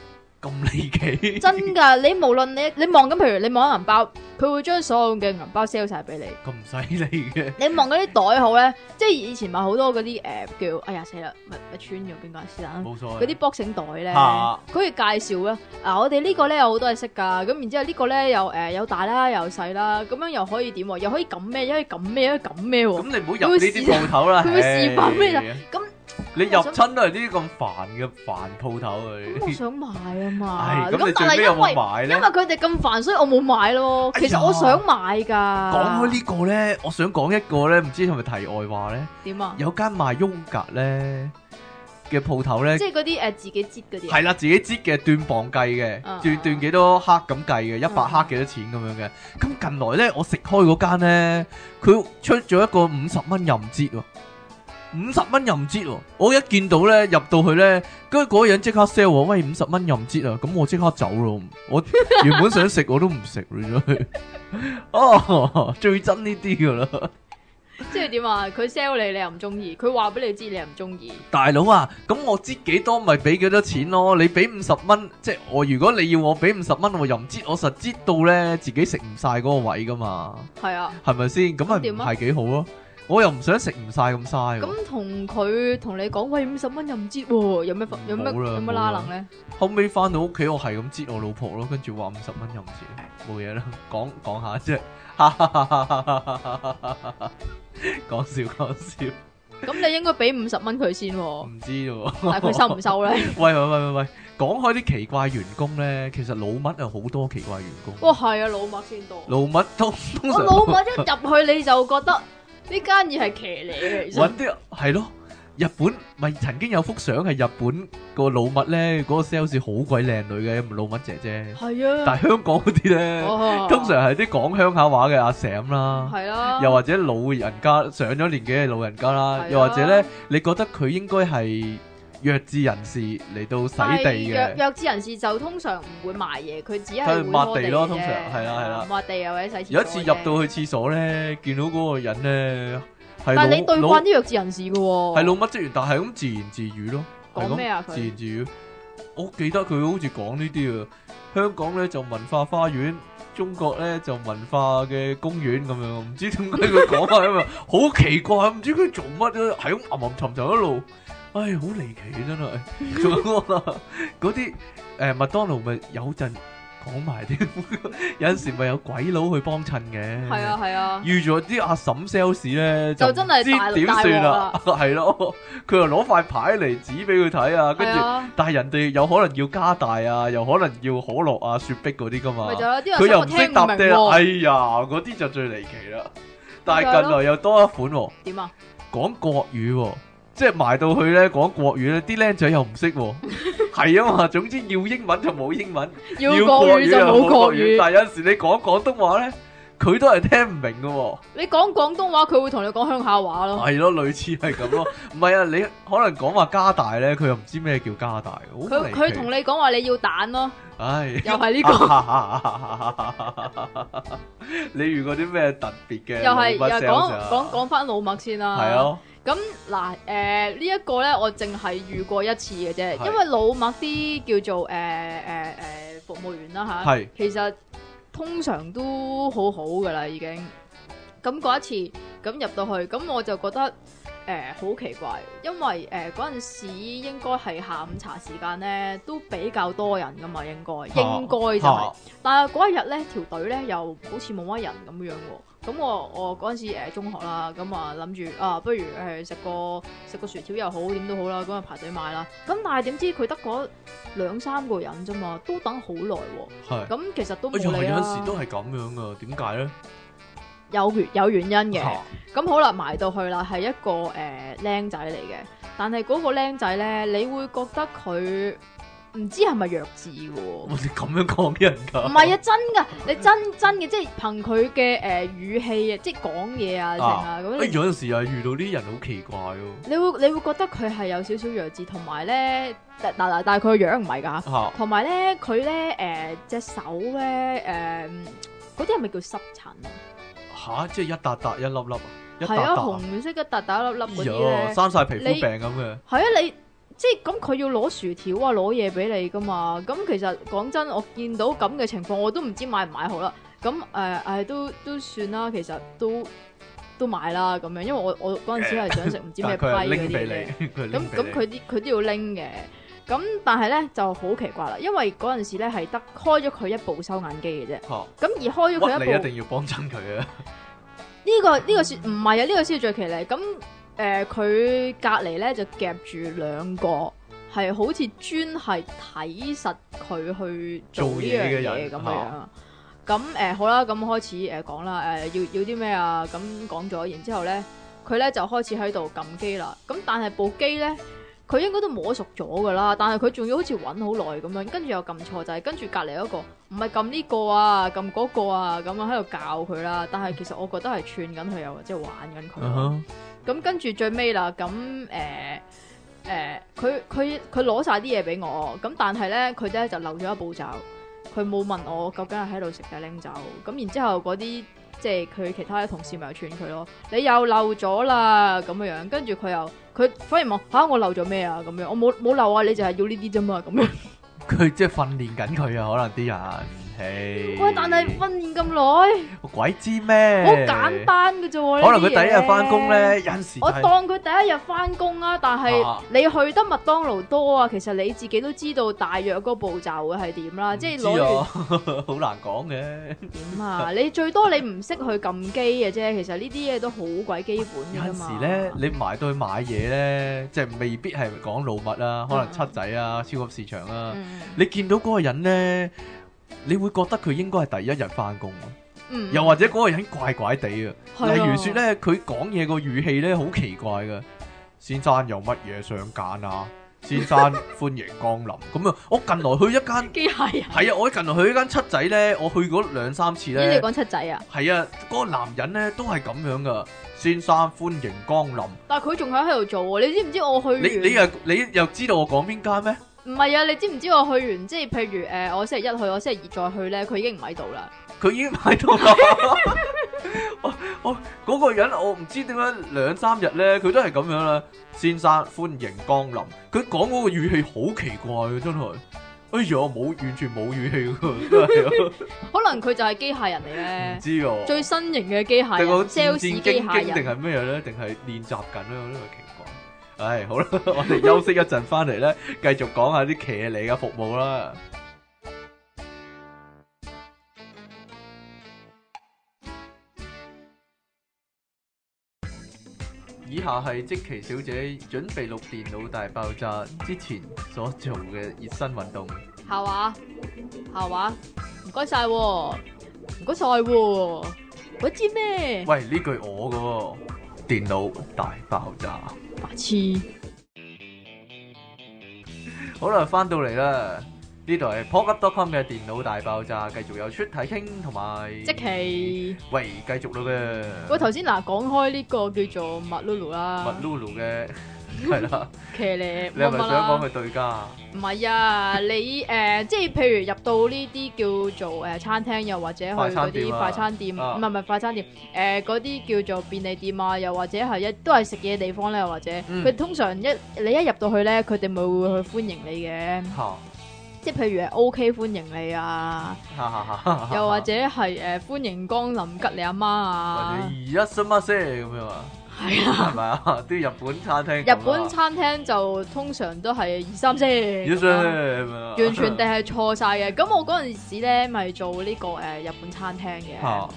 咁離奇！真㗎，你無論你你望緊，譬如你望緊銀包，佢會將所有嘅銀包 sell 曬俾你。咁犀利嘅！你望緊啲袋好咧，即係以前咪好多嗰啲誒叫，哎呀死啦，咪咪穿咗邊個先啦？冇錯。嗰啲 boxing 袋咧，佢介紹咧，啊我哋呢個咧有好多嘢識㗎，咁然之後呢個咧又誒有大啦，又細啦，咁樣又可以點？又可以撳咩？又可以撳咩？又可以撳咩喎？咁你唔好入呢啲鋪頭啦。佢會示範咩？咁你入親都係啲咁煩嘅煩鋪頭佢，我想買啊嘛。咁你最屘有冇買咧？因為佢哋咁煩，所以我冇買咯。其實我想買噶。講開呢個咧，我想講一個咧，唔知係咪題外話咧？點啊？有間賣穀格咧嘅鋪頭咧，即係嗰啲誒自己摺嗰啲啊。係啦，自己摺嘅斷磅計嘅，斷斷幾多克咁計嘅，一百克幾多錢咁樣嘅。咁近來咧，我食開嗰間咧，佢出咗一個五十蚊任折喎。五十蚊任接喎，我一見到咧，入到去咧，跟住嗰個人即刻 sell 我，喂，五十蚊任接啊，咁我即刻走咯。我原本想食我都唔食咗。哦，最憎呢啲噶啦，即係點啊？佢 sell 你你又唔中意，佢話俾你知你又唔中意。大佬啊，咁我接幾多咪俾幾多錢咯？你俾五十蚊，即係我如果你要我俾五十蚊，我又唔接，我實接到咧自己食唔晒嗰個位噶嘛？係啊，係咪先？咁啊唔係幾好咯。我又唔想食唔晒咁嘥。咁同佢同你講，喂，五十蚊又唔接有咩有咩了有咩拉能咧？後尾返到屋企，我係咁接我老婆咯，跟住話五十蚊又唔接知，冇嘢啦。講講下啫，講笑講笑。咁你應該俾五十蚊佢先喎？唔知喎、啊，但佢收唔收咧？ [laughs] 喂喂喂喂喂，講開啲奇怪員工咧，其實老麥有好多奇怪員工。哇、哦，係啊，老麥先多。老麥都我老麥一入去你就覺得。 [laughs] 呢間嘢係騎呢嘅，揾啲係咯。日本咪曾經有幅相係日本個老物咧，嗰、嗰個 sales 好鬼靚女嘅老物姐姐。係啊，但係香港嗰啲咧，啊、通常係啲講鄉下話嘅阿 Sam 啦，係啦、啊，又或者老人家上咗年紀嘅老人家啦，啊、又或者咧，啊、你覺得佢應該係？弱智人士嚟到洗地嘅，弱弱智人士就通常唔會埋嘢，佢只係抹地咯，通常係啦係啦，抹地啊或者洗。有一次入到去廁所咧，見到嗰個人咧係，但你對慣啲弱智人士嘅喎，係老乜職員，但係咁自言自語咯，講咩啊？自言自語，我記得佢好似講呢啲啊，香港咧就文化花園，中國咧就文化嘅公園咁樣，唔知點解佢講啊，好奇怪，唔知佢做乜啊，係咁吟吟沉沉一路。唉，好離奇啦！嗰啲，誒，麥當勞咪有陣講埋啲，有陣時咪有鬼佬去幫襯嘅。係啊係啊。預咗啲阿嬸 sales 咧，就真係知點算啦。係咯，佢又攞塊牌嚟指俾佢睇啊。跟住，但係人哋有可能要加大啊，又可能要可樂啊、雪碧嗰啲噶嘛。佢又唔識咯，啲人哎呀，嗰啲就最離奇啦。但係近來又多一款。點啊？講國語喎。即係埋到去咧，講國語咧，啲僆仔又唔識喎，係啊嘛。總之要英文就冇英文，要國語就冇國語。但係有時你講廣東話咧，佢都係聽唔明嘅。你講廣東話，佢會同你講鄉下話咯。係咯，類似係咁咯。唔係啊，你可能講話加大咧，佢又唔知咩叫加大。佢佢同你講話你要蛋咯。唉，又係呢個。你遇過啲咩特別嘅？又係又講講講翻老麥先啦。係啊。咁嗱，誒呢一個咧，我淨係遇過一次嘅啫，是因為老麥啲叫做誒誒誒服務員啦嚇，是其實通常都好好㗎啦已經。咁嗰一次咁、呃、入到去，咁我就覺得誒好、呃、奇怪，因為誒嗰陣時應該係下午茶時間咧，都比較多人噶嘛，應該、啊、應該就係、是，啊、但係嗰一日咧，條隊咧又好似冇乜人咁樣喎。咁我我嗰陣時誒、呃、中學啦，咁啊諗住啊，不如誒食、呃、個食個薯條又好，點都好啦，咁啊排隊買啦。咁但係點知佢得嗰兩三個人啫嘛，都等好耐，啊。係咁是、嗯，其實都冇嘢，有有時都係咁樣噶，點解咧？有緣有原因嘅。咁、啊、好啦，埋到去啦，係一個誒靚仔嚟嘅。但係嗰個靚仔咧，你會覺得佢。唔知係咪弱智喎？我哋咁樣講人㗎，唔係啊，真噶！你真真嘅，即係憑佢嘅誒語氣啊，即係講嘢啊，咁有陣時啊，遇到啲人好奇怪咯。你會你會覺得佢係有少少弱智，同埋咧，嗱嗱，但係佢個樣唔係㗎，同埋咧佢咧誒隻手咧誒嗰啲係咪叫濕疹啊？吓？即係一笪笪一粒粒啊！係啊，紅色嘅笪笪一粒粒嗰啲生晒皮膚病咁嘅。係啊，你。即係咁，佢要攞薯條啊，攞嘢俾你噶嘛？咁其實講真，我見到咁嘅情況，我都唔知買唔買好啦。咁誒誒，都都算啦，其實都都買啦咁樣，因為我我嗰陣時係想食唔知咩批嗰啲嘢。咁咁佢啲佢都要拎嘅。咁但係咧就好奇怪啦，因為嗰陣時咧係得開咗佢一部收銀機嘅啫。咁、哦、而開咗佢一部，你一定要幫襯佢啊！呢、 [laughs] 這個呢、這個算唔係啊？呢、這個先、這個、最奇咧咁。誒佢隔離咧就夾住兩個，係好似專係睇實佢去做呢樣嘢咁嘅樣啊。咁誒好啦，咁開始誒講啦，誒要要啲咩啊？咁講咗，然之後咧佢咧就開始喺度撳機啦。咁但係部機咧佢應該都摸熟咗㗎啦，但係佢仲要好似揾好耐咁樣，跟住又撳錯，就係跟住隔離嗰個唔係撳呢個啊，撳嗰個啊，咁啊喺度教佢啦。但係其實我覺得係串緊佢又或者玩緊佢。咁跟住最尾啦，咁誒誒，佢佢佢攞晒啲嘢俾我，咁但係咧佢咧就漏咗一步驟，佢冇問我究竟係喺度食定拎走。咁、嗯、然之後嗰啲即係佢其他啲同事咪又串佢咯，你又漏咗啦咁樣樣。跟住佢又佢反而問吓我漏咗咩啊？咁樣我冇冇漏啊？你就係要呢啲啫嘛咁樣。佢即係訓練緊佢啊，可能啲人。喂，但係訓練咁耐，鬼知咩？好簡單嘅啫，可能佢第一日翻工咧，有陣時我當佢第一日翻工啊，但係你去得麥當勞多啊，其實你自己都知道大約嗰步驟會係點啦，即係攞完好難講嘅。點啊？你最多你唔識去撳機嘅啫，其實呢啲嘢都好鬼基本嘅嘛。有陣時咧，你埋到去買嘢咧，即係未必係講老麥啦，可能七仔啊、超級市場啦，你見到嗰個人咧。你會覺得佢應該係第一日翻工，嗯、又或者嗰個人怪怪地啊。例如說咧，佢講嘢個語氣咧好奇怪嘅。先生有乜嘢想揀啊？先生歡迎光臨。咁 [laughs] 啊，我近來去一間機械人係啊，我近來去一間七仔咧，我去過兩三次咧。你講七仔啊？係啊，嗰、嗰個男人咧都係咁樣噶。先生歡迎光臨。但係佢仲係喺度做啊？你知唔知我去你？你你又你又知道我講邊間咩？ [laughs] 唔係啊！你知唔知我去完即係譬如誒，我星期一去，我星期二再去咧，佢已經唔喺度啦。佢已經喺度啦！我我嗰個人，我唔知點解兩三日咧，佢都係咁樣啦。先生歡迎光臨，佢講嗰個語氣好奇怪嘅真係。哎呀，冇完全冇語氣喎，真係。可能佢就係機械人嚟咧。唔知啊。最新型嘅機械人。戰戰兢兢定係咩嘢咧？定係練習緊咧？我都係。唉，好啦，我哋休息一陣，翻嚟咧，繼續講下啲騎呢嘅服務啦。 [laughs] 以下係積淇小姐準備錄電腦大爆炸之前所做嘅熱身運動。下話下話，唔該晒，唔該晒，唔知咩？謝謝啊謝謝啊、喂，呢句我嘅。電腦大爆炸，白痴。好啦，翻到嚟啦，呢台 Pogup.com 嘅電腦大爆炸，繼續有出體 king 同埋，積淇，喂，繼續啦噃。喂，頭先嗱講開呢個叫做麥露露啦，麥露露嘅。係啦，騎呢 [laughs] 妮？ [laughs] 你係咪想講去對家唔係？ [laughs] 啊，你誒、呃、即係譬如入到呢啲叫做誒餐廳，又或者去嗰啲 [laughs] 快餐店，唔係唔係快餐店，誒嗰啲叫做便利店啊，又或者係一都係食嘢地方咧，又或者佢、嗯、通常一你一入到去咧，佢哋咪會去歡迎你嘅， [laughs] 即係譬如係 O K 歡迎你啊， [laughs] 又或者係誒歡迎光臨吉你阿媽啊，二一三一咁樣啊。係是啊，係咪啊？啲日本餐廳，啊、日本餐廳就通常都係二三千，完全定係錯晒嘅。 [laughs] 咁我嗰陣時咧，咪做呢個誒日本餐廳嘅。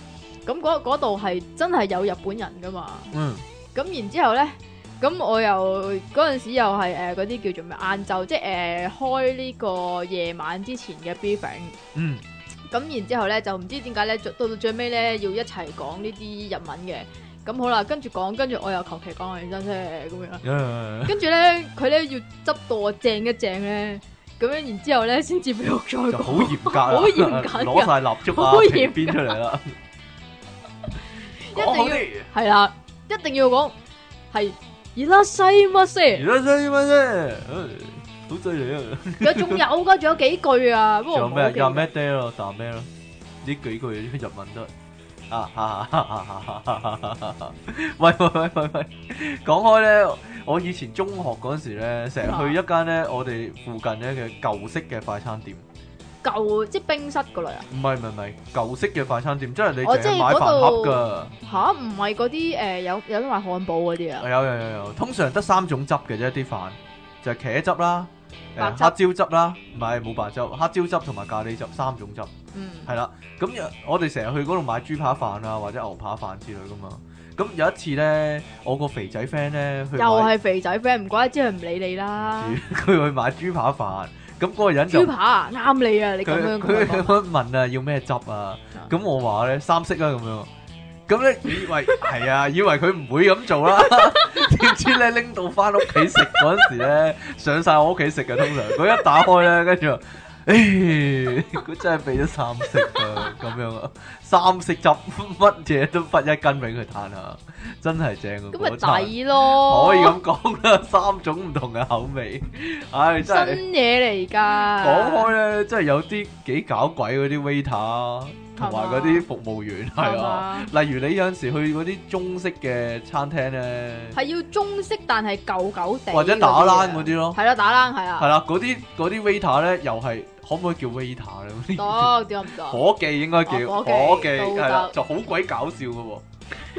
咁嗰度係真係有日本人噶嘛？嗯，然後呢。咁然之後咧，咁我又嗰陣時又係誒嗰啲叫做咩？晏晝即誒、呃、開呢個夜晚之前嘅 briefing 嗯。咁然之後咧，就唔知點解咧，到到最尾咧要一齊講呢啲日文嘅。咁好啦，跟住講，跟住我又求其講完真先咁樣，跟住咧佢咧要執到我正一正咧，咁樣然之後咧先至畀我再，就好嚴格，好嚴格，攞晒蠟燭啊，編出嚟啦，一定要係啦，一定要講係，而家西乜西，而家西乜西，好犀利啊，而家仲有噶，仲有幾句啊，仲有咩？又咩得咯？打咩咯？呢幾句先入唔得？啊啊啊啊啊啊啊啊！喂喂喂喂喂，講開咧，我以前中學嗰時咧，成日去一間咧，我哋附近咧嘅舊式嘅快餐店，舊即冰室嗰類啊？唔係唔係唔係舊式嘅快餐店，即係你淨係買飯盒噶吓？唔係嗰啲誒有有得賣漢堡嗰啲啊？有有有有，通常得三種汁嘅啫，一啲飯就係茄汁啦。誒，黑椒汁啦，唔係，冇白汁，黑椒汁同埋咖喱汁三種汁，嗯，係啦，咁我哋成日去嗰度買豬扒飯啊，或者牛扒飯之類噶嘛，咁有一次咧，我個肥仔 friend 咧，去又係肥仔 friend，唔怪之係唔理你啦，佢 [laughs] 去買豬扒飯，咁嗰個人就豬扒啱你啊，你咁樣佢佢他問啊，要咩汁啊，咁、嗯、我話咧，三色啊，咁樣。咁咧，以為係啊，以為佢唔會咁做啦，點知咧，拎到翻屋企食嗰陣時咧，上晒我屋企食嘅通常，佢一打開咧，跟住話，誒，佢真係俾咗三色啊，咁樣啊，三色汁乜嘢都忽一斤俾佢嘆下，真係正啊！咁咪抵咯，可以咁講啦，三種唔同嘅口味，唉、哎，真係真嘢嚟㗎，講開咧真係有啲幾搞鬼嗰啲 waiter。同埋嗰啲服務員係啊。例如你有陣時去嗰啲中式嘅餐廳咧，係要中式但係舊舊哋，或者打冷嗰啲咯，係啦，打冷係啊，係啦，嗰啲嗰啲 waiter 咧又係可唔可以叫 waiter 咧？哦，點解？伙記應該叫伙記，係就好鬼搞笑嘅喎，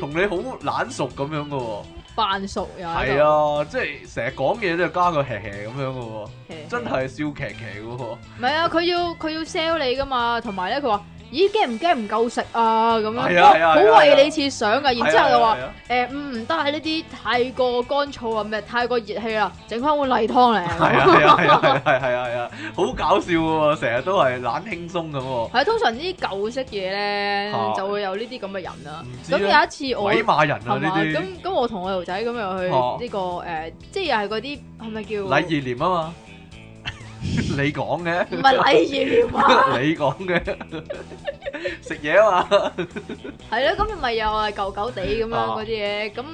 同你好懶熟咁樣嘅喎，扮熟又係啊，即係成日講嘢都係加個嘻嘻咁樣嘅喎，真係笑騎騎嘅喎。唔係啊，佢要佢要 sell 你㗎嘛，同埋咧佢話。咦，驚唔驚唔夠食啊？咁樣，係啊，好為你設想噶，然之後又話誒，唔得，呢啲太過乾燥啊，咩太過熱氣啦，整翻碗例湯嚟。係啊係啊係啊係啊，好搞笑噶，成日都係懶輕鬆咁。係啊，通常呢啲舊式嘢咧，就會有呢啲咁嘅人啦。咁有一次我，人咁咁我同我條仔咁又去呢個誒，即係又係嗰啲係咪叫禮義廉啊嘛？ [laughs] 你講嘅唔係禮儀，你講嘅食嘢啊嘛，係咯，咁咪又係舊舊地咁樣嗰啲嘢，咁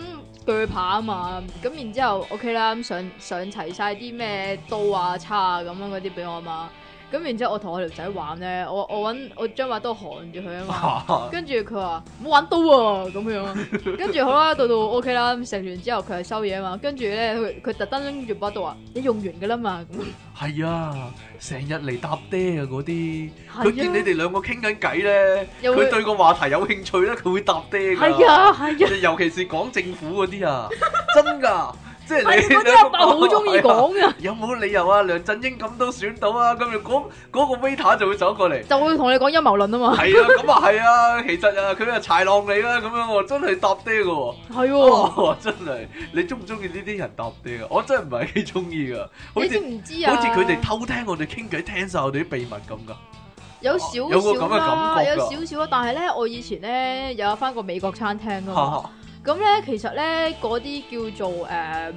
鋸扒啊嘛，咁然之後 OK 啦，咁上上齊晒啲咩刀啊叉啊咁樣嗰啲俾我啊嘛。咁然之後我，我同我條仔玩咧，我我揾我將把刀寒住佢啊嘛，跟住佢話唔好玩刀啊咁樣，跟住好啦，到到 OK 啦，食、OK，完之後佢係收嘢啊嘛，跟住咧佢佢特登拎住把刀話：你用完㗎啦嘛。咁係啊，成日嚟搭爹啊嗰啲，佢見你哋兩個傾緊偈咧，佢會對個話題有興趣咧，佢會搭爹㗎。啊係啊，啊啊尤其是講政府嗰啲啊， [laughs] 真㗎的。 [laughs] 即係你阿伯好中意講嘅，有冇理由啊？梁振英咁都選到啊？咁樣嗰嗰個 waiter，就會走過嚟，就會同你講陰謀論啊嘛。係啊，咁啊係啊， [laughs] 其實啊，佢啊豺狼你啦，啊，咁樣真係搭爹嘅。係喎，真係，啊是啊 oh，你中唔中意呢啲人搭爹啊？我真係唔係幾中意噶。好，你知唔知啊？好似佢哋偷聽我哋傾偈，聽晒我哋啲秘密咁噶，啊啊？有少少啦，有少少啊。但係咧，我以前咧有翻過美國餐廳咯。 [laughs] 咁咧，其實咧，嗰啲叫做誒、呃、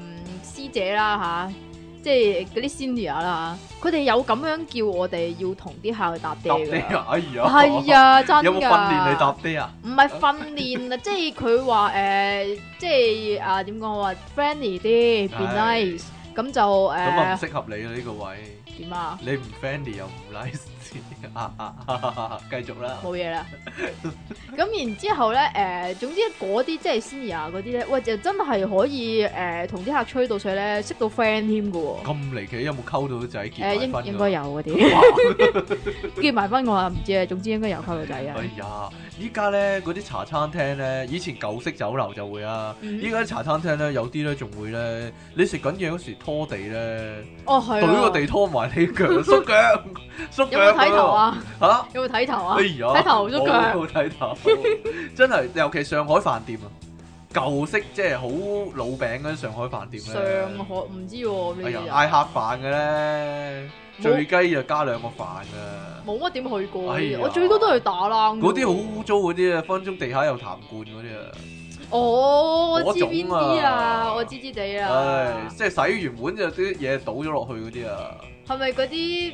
師姐啦嚇、啊，即係嗰啲 senior 啦，佢哋有咁樣叫我哋要同啲客去搭爹嘅。哎呀，係、哎、呀，真㗎的。有冇訓練你搭爹、 [laughs] 呃、啊？唔係訓練啊，即係佢話誒，即係啊點講話 friendly 啲，be nice，咁的就誒。咁、呃、啊，唔適合你呢、呢個位。點啊？你唔 friendly 又唔 nice、like。啊啊， [laughs] 繼續啦事！ [laughs] 冇嘢啦。咁然之後咧，誒，總之嗰啲即係 Senior 啊嗰啲咧，喂、呃，就真係可以誒，同、呃、啲客吹到水咧，識到 friend 添嘅喎。咁離奇有冇溝到仔結誒？應應該有嗰啲。結埋婚我唔知啊，總之應該有溝到仔啊。哎呀，依家咧嗰啲茶餐廳咧，以前舊式酒樓就會啊。依家、嗯、茶餐廳咧，有啲咧仲會咧，你食緊嘢嗰時拖地咧，哦係，懟、啊、個地拖埋你腳縮腳縮腳。睇頭啊！嚇有冇睇頭啊？哎呀！睇頭足冇睇頭真係，尤其上海飯店啊，舊式即係好老餅嗰啲上海飯店咧。上海唔知喎，嗌客飯嘅咧，最雞就加兩個飯啊！冇乜點去過，我最多都係打冷。嗰啲好污糟嗰啲啊，分鐘地下有痰罐嗰啲啊。哦，我知邊啲啊，我知知地啊。係，即係洗完碗就啲嘢倒咗落去嗰啲啊。係咪嗰啲？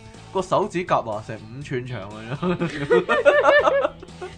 個手指甲啊，成五吋長嘅啫，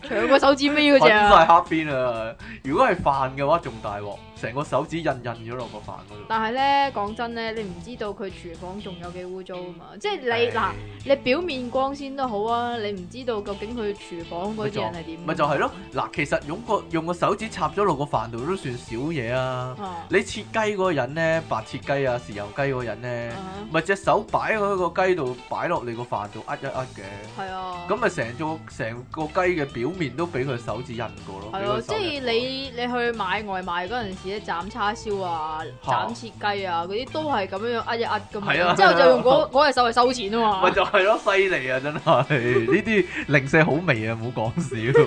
長過手指尾嗰隻？ [laughs] 應該係黑邊啊！如果係飯嘅話，仲大鑊。成個手指印印咗落個飯嗰度。但係咧，講真咧，你唔知道佢廚房仲有幾污糟啊嘛！即係你嗱，是，你表面光鮮都好啊，你唔知道究竟佢廚房嗰人係點。咪就係咯，嗱，其實用個用個手指插咗落個飯度都算少嘢啊！啊你切雞嗰個人咧，白切雞啊，豉油雞嗰人咧，咪隻手，啊，擺喺個雞度，擺落你個飯度，呃一呃嘅。係啊。咁咪成咗成個雞嘅表面都俾佢手指印過咯。係咯，啊啊，即係你你去買外賣嗰陣時。斬叉燒啊，斬切雞啊，嗰啲都係咁樣樣呃一呃咁，之後就用嗰嗰隻手嚟收錢啊嘛。咪就係咯，犀利啊，真係呢啲零舍好味啊，唔好講笑。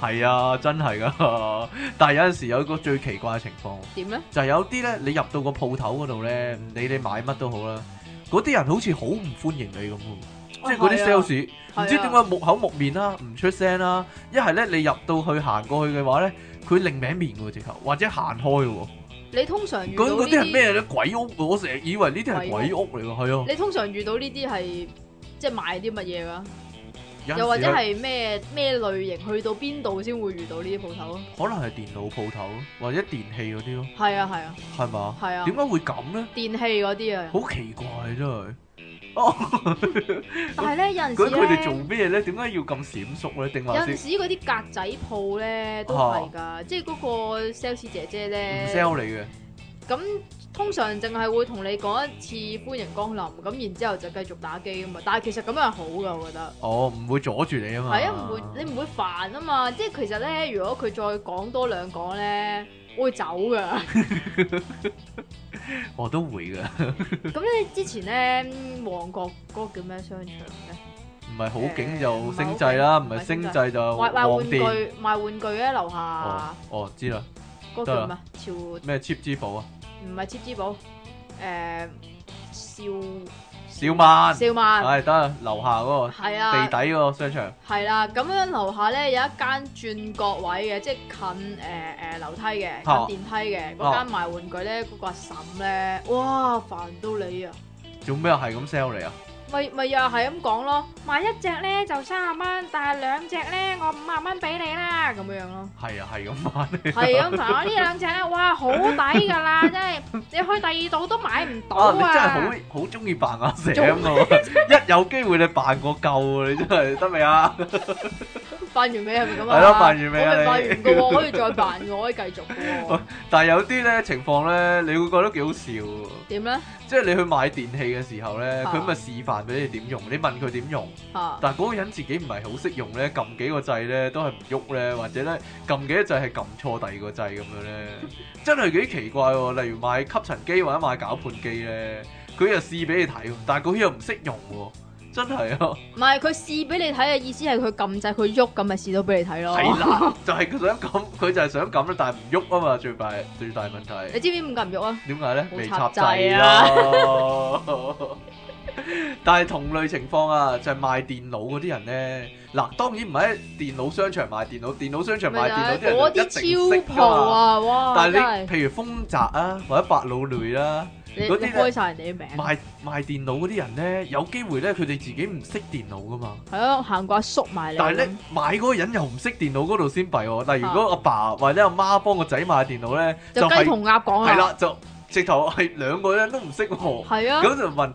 係啊，真係噶。但係有陣時有一個最奇怪嘅情況，點咧？就係有啲咧，你入到個鋪頭嗰度咧，你你買乜都好啦，嗰啲人好似好唔歡迎你咁嘅，即係嗰啲 sales，唔知點解木口木面啦，唔出聲啦。一係咧，你入到去行過去嘅話咧。佢另名面喎只頭，或者行開咯喎。你通常遇到嗰啲係咩咧？鬼屋，我成日以為呢啲係鬼屋嚟㗎，係啊。你通常遇到呢啲係即係賣啲乜嘢㗎？又、就是、或者係咩咩類型？去到邊度先會遇到呢啲鋪頭啊？可能係電腦鋪頭，或者電器嗰啲咯。係啊，係啊。係嘛吧？係啊。點解會咁咧？電器嗰啲啊，好奇怪真係。 [laughs] 但係咧，有陣時佢哋做咩咧？點解要咁閃縮咧？定話有陣時嗰啲格仔鋪咧都係㗎，啊、即係嗰個 sales 姐姐咧 sell 你嘅。咁通常淨係會同你講一次歡迎光臨，咁然之後就繼續打機啊嘛。但係其實咁樣係好嘅，我覺得。哦，唔會阻住你啊嘛。係啊，唔會你唔會煩啊嘛。即係其實咧，如果佢再講多兩講咧，會走噶。 [laughs] 我都會噶。咁你之前咧旺角嗰個叫咩商場咧？唔係好景就星際啦，唔係星際就旺店賣玩具，賣玩具咧樓下。哦，知啦。個叫咩？潮咩？Chip 珠寶啊？唔係 Chip 珠寶，誒，笑。小曼，小曼，係得慢、哎嗰個、啊！樓下嗰個，係啊，地底嗰個商場。係啦、啊，咁樣樓下咧有一間轉角位嘅，即係近誒誒樓梯嘅，近電梯嘅嗰間賣玩具咧，嗰、嗰個、阿嬸咧，哇，煩到你啊！做咩係咁 sell 你啊？咪咪又係咁講咯，買一隻咧就三十蚊，但係兩隻咧我五十蚊俾你啦，咁樣咯。係啊，係咁賣。係啊，呢兩隻哇好抵㗎啦，真係你去第二度都買唔到啊！真係好好中意扮阿醒喎，一有機會你扮個夠喎，你真係得未啊？扮完尾係咪咁啊？係咯，扮完尾啊，你扮完個可以再扮，可以繼續。但係有啲咧情況咧，你會覺得幾好笑。點咧？即係你去買電器嘅時候咧，佢咪示範。俾你點用？你問佢點用？但係嗰個人自己唔係好識用咧，撳幾個掣咧都係唔喐咧，或者咧撳幾個掣係撳錯第二個掣咁樣咧，真係幾奇怪喎。例如買吸塵機或者買攪拌機咧，佢又試俾你睇，但係佢又唔識用，真係啊！唔係佢試俾你睇嘅意思係佢撳掣佢喐咁咪試到俾你睇咯。係啦，就係佢想咁，佢就係想咁啦，但係唔喐啊嘛，最大最大問題。你知唔知唔撳唔喐啊？點解咧？未插掣啊！ [laughs] 但係同類情況啊，就係、是、賣電腦嗰啲人咧，嗱，當然唔喺電腦商場賣電腦，電腦商場賣電腦啲人一定識噶嘛啊、但係你是譬如豐澤啊，或者百老匯啦，啊，嗰啲你，賣賣電腦嗰啲人咧，有機會咧，佢哋自己唔識電腦噶嘛係啊，行過阿叔賣。但係咧，買嗰個人又唔識電腦嗰度先弊喎。但係如果阿爸，爸或者阿媽幫個仔買電腦咧，就雞同鴨講啊。係啦，就直頭係兩個人都唔識係啊，咁就問。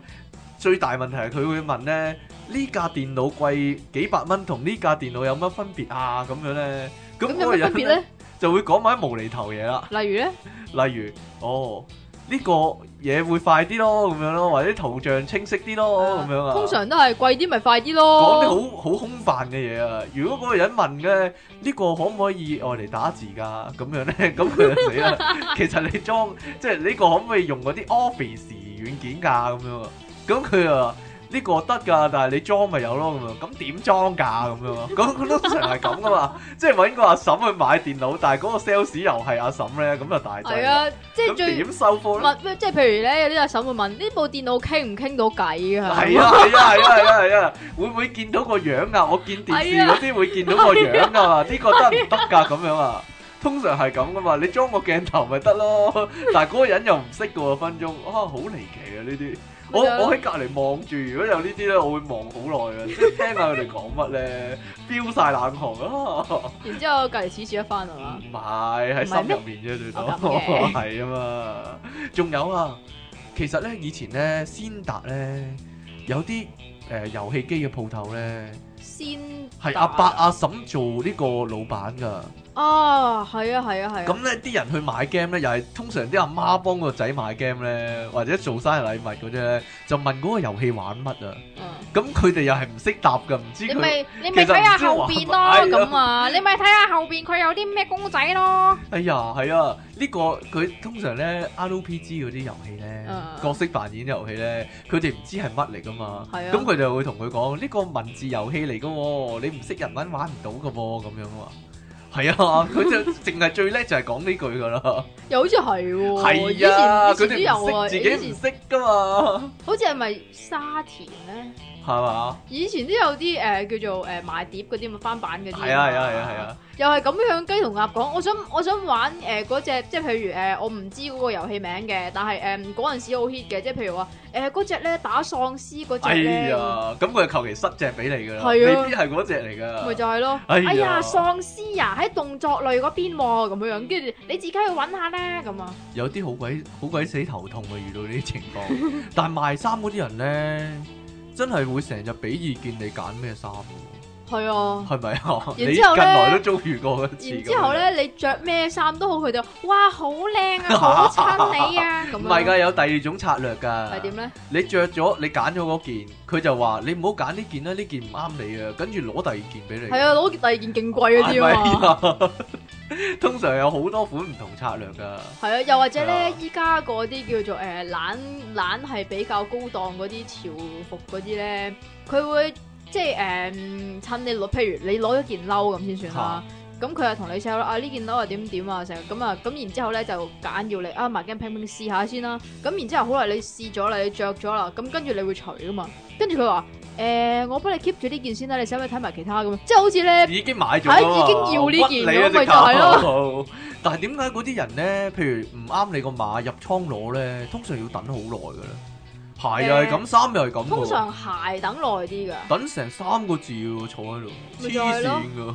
最大問題係佢會問咧，呢架電腦貴幾百蚊，同呢架電腦有乜分別啊？咁樣咧，咁嗰個人就會講埋啲無厘頭嘢啦。例如咧，例如哦，呢個嘢會快啲咯，咁樣咯，或者圖像清晰啲咯，咁樣啊。通常都係貴啲咪快啲咯。講啲好好空泛嘅嘢啊。如果嗰個人問嘅呢個可唔可以愛嚟打字㗎？咁樣咧，咁佢就死啦。 [laughs] 其實你裝即係呢個可唔可以用嗰啲 Office 軟件㗎？咁樣啊。咁佢又話呢個得㗎，但係你裝咪有咯咁、那個、樣。咁點裝㗎咁樣？咁通常係咁噶嘛，即係揾個阿嬸去買電腦，但係嗰個 sales 又係阿嬸咧，咁就大劑。係啊，即係點收貨最即係譬如咧，有啲阿嬸會問：呢部電腦傾唔傾到偈㗎、啊？係哈哈 啊係啊係啊係啊係啊！會唔會見到個樣是啊，啊？我見電視嗰啲會見到個樣㗎嘛？呢、啊啊、個得唔得㗎？咁樣啊，通常係咁噶嘛。你裝個鏡頭咪得咯，但係嗰個人又唔識㗎喎分鐘、啊。啊，好離奇啊呢啲！我我喺隔籬望住，如果有呢啲咧，我會望好耐啊！即係聽下佢哋講乜咧，飆晒冷汗咯。然之後隔籬辭一翻啦？唔係喺心入面啫，最多係啊嘛。仲 [laughs] 有啊，其實咧以前咧，先達咧有啲誒遊戲機嘅鋪頭咧，先、呃、係達阿伯阿嬸做呢個老闆噶。哦、啊，係啊，係啊，係啊！咁咧啲人去買 game 咧，又係通常啲阿媽幫個仔買 game 咧，或者做生日禮物嗰啲，就問嗰個遊戲玩乜啊？咁佢哋又係唔識答噶，唔知佢。你咪你咪睇下後邊咯、啊，咁啊，你咪睇下後邊佢有啲咩公仔咯。 [laughs] 哎呀，係啊，呢、這個佢通常咧 RPG 嗰啲遊戲咧，嗯、角色扮演遊戲咧，佢哋唔知係乜嚟噶嘛。咁佢、嗯嗯嗯、就會同佢講：呢、這個文字遊戲嚟噶喎，你唔識日文玩唔到噶噃，咁樣啊。係 [laughs] 啊，佢就淨係最叻就係講呢句噶啦， [laughs] 又好似係喎，係 [laughs] 啊，佢哋唔識，自己唔識噶嘛， [laughs] 好似係咪沙田咧？係嘛？以前都有啲誒叫做誒賣碟嗰啲咁翻版嘅啲，係啊係啊係啊，又係咁樣雞同鴨講。我想我想玩誒嗰隻，即係譬如誒我唔知嗰個遊戲名嘅，但係誒嗰陣時好 hit 嘅，即係譬如話誒嗰隻咧打喪屍嗰隻咧。哎呀，咁佢求其塞隻俾你㗎啦，係啊，未必係嗰隻嚟㗎，咪就係咯。哎呀，喪屍啊，喺動作類嗰邊喎，咁樣樣跟住你自己去揾下啦，咁啊。有啲好鬼好鬼死頭痛啊！遇到呢啲情況，但係賣衫嗰啲人咧。真係會成日俾意見你揀咩衫。係啊，係咪啊？你近來都遭遇過一次。然之後咧，你著咩衫都好，佢就哇好靚啊，好襯你啊。唔係㗎，有第二種策略㗎。係點咧？你著咗，你揀咗嗰件，佢就話你唔好揀呢件啦，呢件唔啱你啊。跟住攞第二件俾你。係啊，攞第二件勁貴啲啊嘛。通常有好多款唔同策略㗎。係啊，又或者咧，依家嗰啲叫做誒冷冷係比較高檔嗰啲潮服嗰啲咧，佢會。即係誒、嗯，趁你攞，譬如你攞咗件褸咁先算啦。咁佢又同你 sell 啊，件怎樣怎樣啊，呢件褸又點點啊，成日咁啊，咁然之後咧，就揀要你啊，埋緊拼拼試下先啦。咁然之後好耐你試咗啦，你着咗啦，咁跟住你會除噶嘛？跟住佢話誒，我幫你 keep 住呢件先啦，你使唔使睇埋其他咁？即係好似咧已經買咗，已經要呢件咁咪、啊、就係咯、啊 [laughs] 但係點解嗰啲人咧，譬如唔啱你個碼入倉攞咧，通常要等好耐噶啦？鞋又係咁，衫又係咁。呃、通常鞋等耐啲噶，等成三個字喎、啊，坐喺度黐線噶，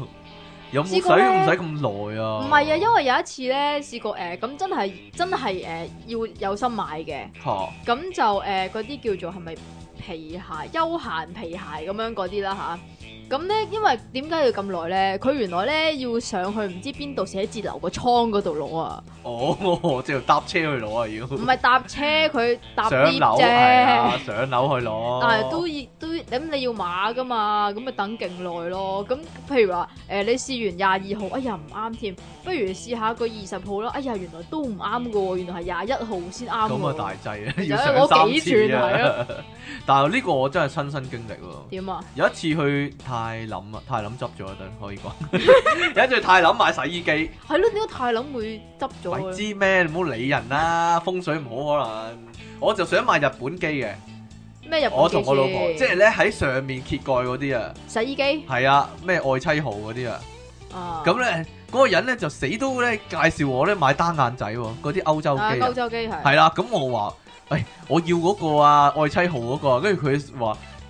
有使唔使咁耐啊？唔係啊，啊，因為有一次咧試過誒，咁、呃、真係真係誒、呃、要有心買嘅，嚇哈，咁就誒嗰啲叫做係咪皮鞋、休閒皮鞋咁樣嗰啲啦嚇。咁咧，因為點解要咁耐咧？佢原來咧，要上去唔知邊度寫字樓個倉嗰度攞啊哦！哦，即係搭車去攞啊要？唔係搭車，佢搭 lift 啫。 [laughs] 上樓去攞，啊。但係，都要都咁你要碼噶嘛？咁咪等勁耐咯。咁譬如話誒、呃，你試完廿二號，哎呀唔啱添，不如試下個二十號啦。哎呀，原來都唔啱噶，原來係廿一號先啱。咁啊，大劑啊，要上三次啊！ [laughs] 但係呢個我真係親身經歷咯。點啊？有一次去太林啦，太林執咗一對可以講， [laughs] 有一對太林買洗衣機，係咯，點解太林會執咗啊？知咩？唔好理人啦， [laughs] 風水唔好可能。我就想買日本機嘅，咩日本機？本我同我老婆，即係咧喺上面揭蓋嗰啲啊，洗衣機係啊，咩愛妻號嗰啲啊，咁咧嗰個人咧就死都咧介紹我咧買單眼仔，嗰啲歐洲機，歐、啊、洲機，係，係啦、啊。咁我話，哎，我要嗰個啊，愛妻號嗰、嗰個，跟住佢話。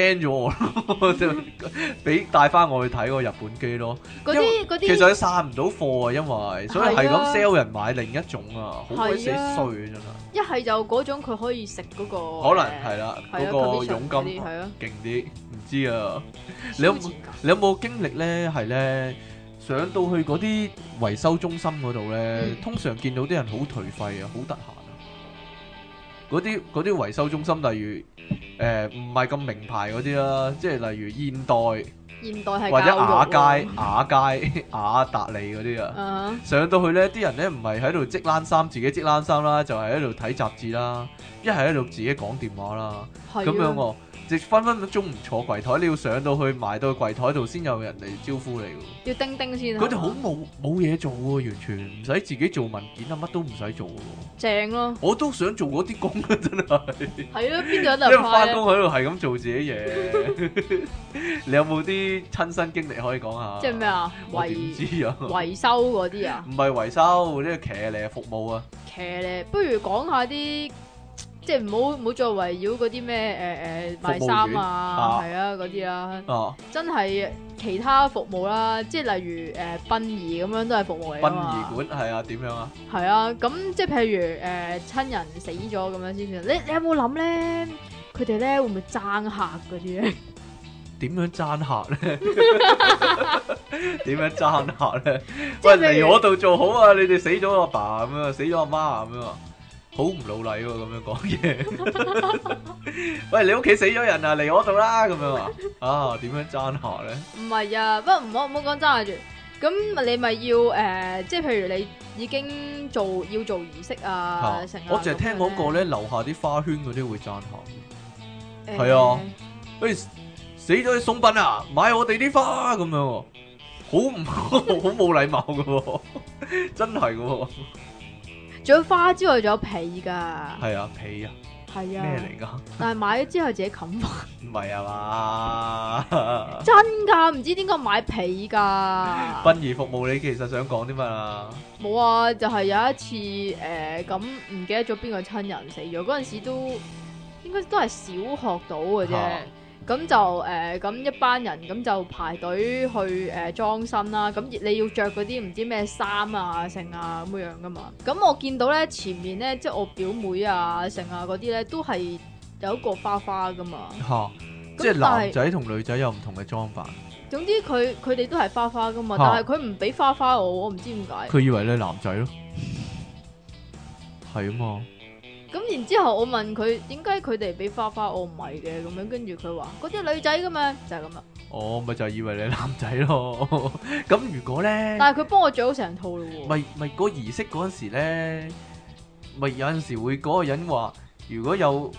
驚咗我咯，就 [laughs] 俾帶翻我去睇嗰個日本機咯。啲啲些其實佢散唔到貨啊，因為所以係咁 sell 人買另一種啊，好鬼死衰真係。一係就嗰種佢可以食嗰、嗰個，可能係啦，嗰個佣金勁啲，唔知啊。你有、嗯、你有冇經歷咧？係咧，上到去嗰啲維修中心嗰度咧，嗯、通常見到啲人好頹廢啊，好得閒。嗰啲嗰啲維修中心，例如誒唔係咁名牌嗰啲啦，即係例如現代、現代、啊、或者雅佳、雅佳、雅達利嗰啲啊，uh huh. 上到去咧，啲人咧唔係喺度織冷衫，自己織冷衫啦，就係喺度睇雜誌啦，一係喺度自己講電話啦，咁、啊、樣。即分分分鐘唔坐櫃台，你要上到去埋到櫃台度先有人嚟招呼你嘅。要叮叮先。佢哋好冇冇嘢做喎，完全唔使自己做文件啊，乜都唔使做嘅喎。正咯，我都想做嗰啲工啊，真係。係咯，邊度有得派啊？因為返工喺度係咁做自己嘢，你有冇啲親身經歷可以講下？即係咩啊？維維修嗰啲啊？唔係維修，呢個騎呢服務啊。騎呢，不如講下啲。即係唔好唔好再圍繞嗰啲咩誒誒賣衫啊，係啊嗰啲啦，啊啊、真係其他服務啦、啊，即係例如誒殯儀咁樣都係服務嚟嘅嘛。殯儀館，係啊，點樣啊？係啊，咁即係譬如誒親、呃、人死咗咁樣先算。你你有冇諗咧？佢哋咧會唔會爭客嗰啲咧？點 [laughs] 樣爭客咧？點 [laughs] [laughs] [laughs] 樣爭客咧？ [laughs] 喂，嚟如我度做好啊！你哋死咗阿爸咁樣，死咗阿媽咁樣！好唔老禮喎，咁樣講嘢。喂，你屋企死咗人啊，嚟我度啦，咁樣啊？啊，點樣贊下咧？唔係啊，不過唔好唔好講贊下住。咁你咪要誒，即係譬如你已經做要做儀式啊，成。我淨係聽講過咧，樓下啲花圈嗰啲會贊下。係啊，喂，死咗送殯啊，買我哋啲花咁樣，好唔好，冇禮貌㗎喎，真係㗎喎。仲除咗花之外，仲有被噶。係啊，被啊。係啊。咩嚟噶？但係買咗之後自己冚埋，唔係啊嘛。 [laughs] 真噶，唔知點解買被噶。殯儀服務，你其實想講啲嘛？冇啊，就係、是、有一次，誒、呃、咁唔記得咗邊個親人死咗，嗰陣時都應該都係小學到嘅啫。咁就誒，咁、呃、一班人咁就排隊去誒裝、呃、身啦、啊。咁你要着嗰啲唔知咩衫啊，成啊咁樣噶嘛。咁我見到咧前面咧，即係我表妹啊，成啊嗰啲咧都係有一個花花噶嘛。啊、即係男仔同女仔有唔同嘅裝扮。總之佢佢哋都係花花噶嘛，啊、但係佢唔俾花花我，我唔知點解。佢以為你男仔咯？係啊嘛？ [laughs] 咁然之後我問佢點解佢哋俾花花我唔係嘅咁樣，跟住佢話嗰啲女仔噶嘛，就係咁啦。我咪就以為你係男仔咯。咁 [laughs] 如果咧呢， [noise] 但係佢幫我做好成套咯。咪咪嗰儀式嗰陣時咧，咪有陣時會嗰個人話，如果有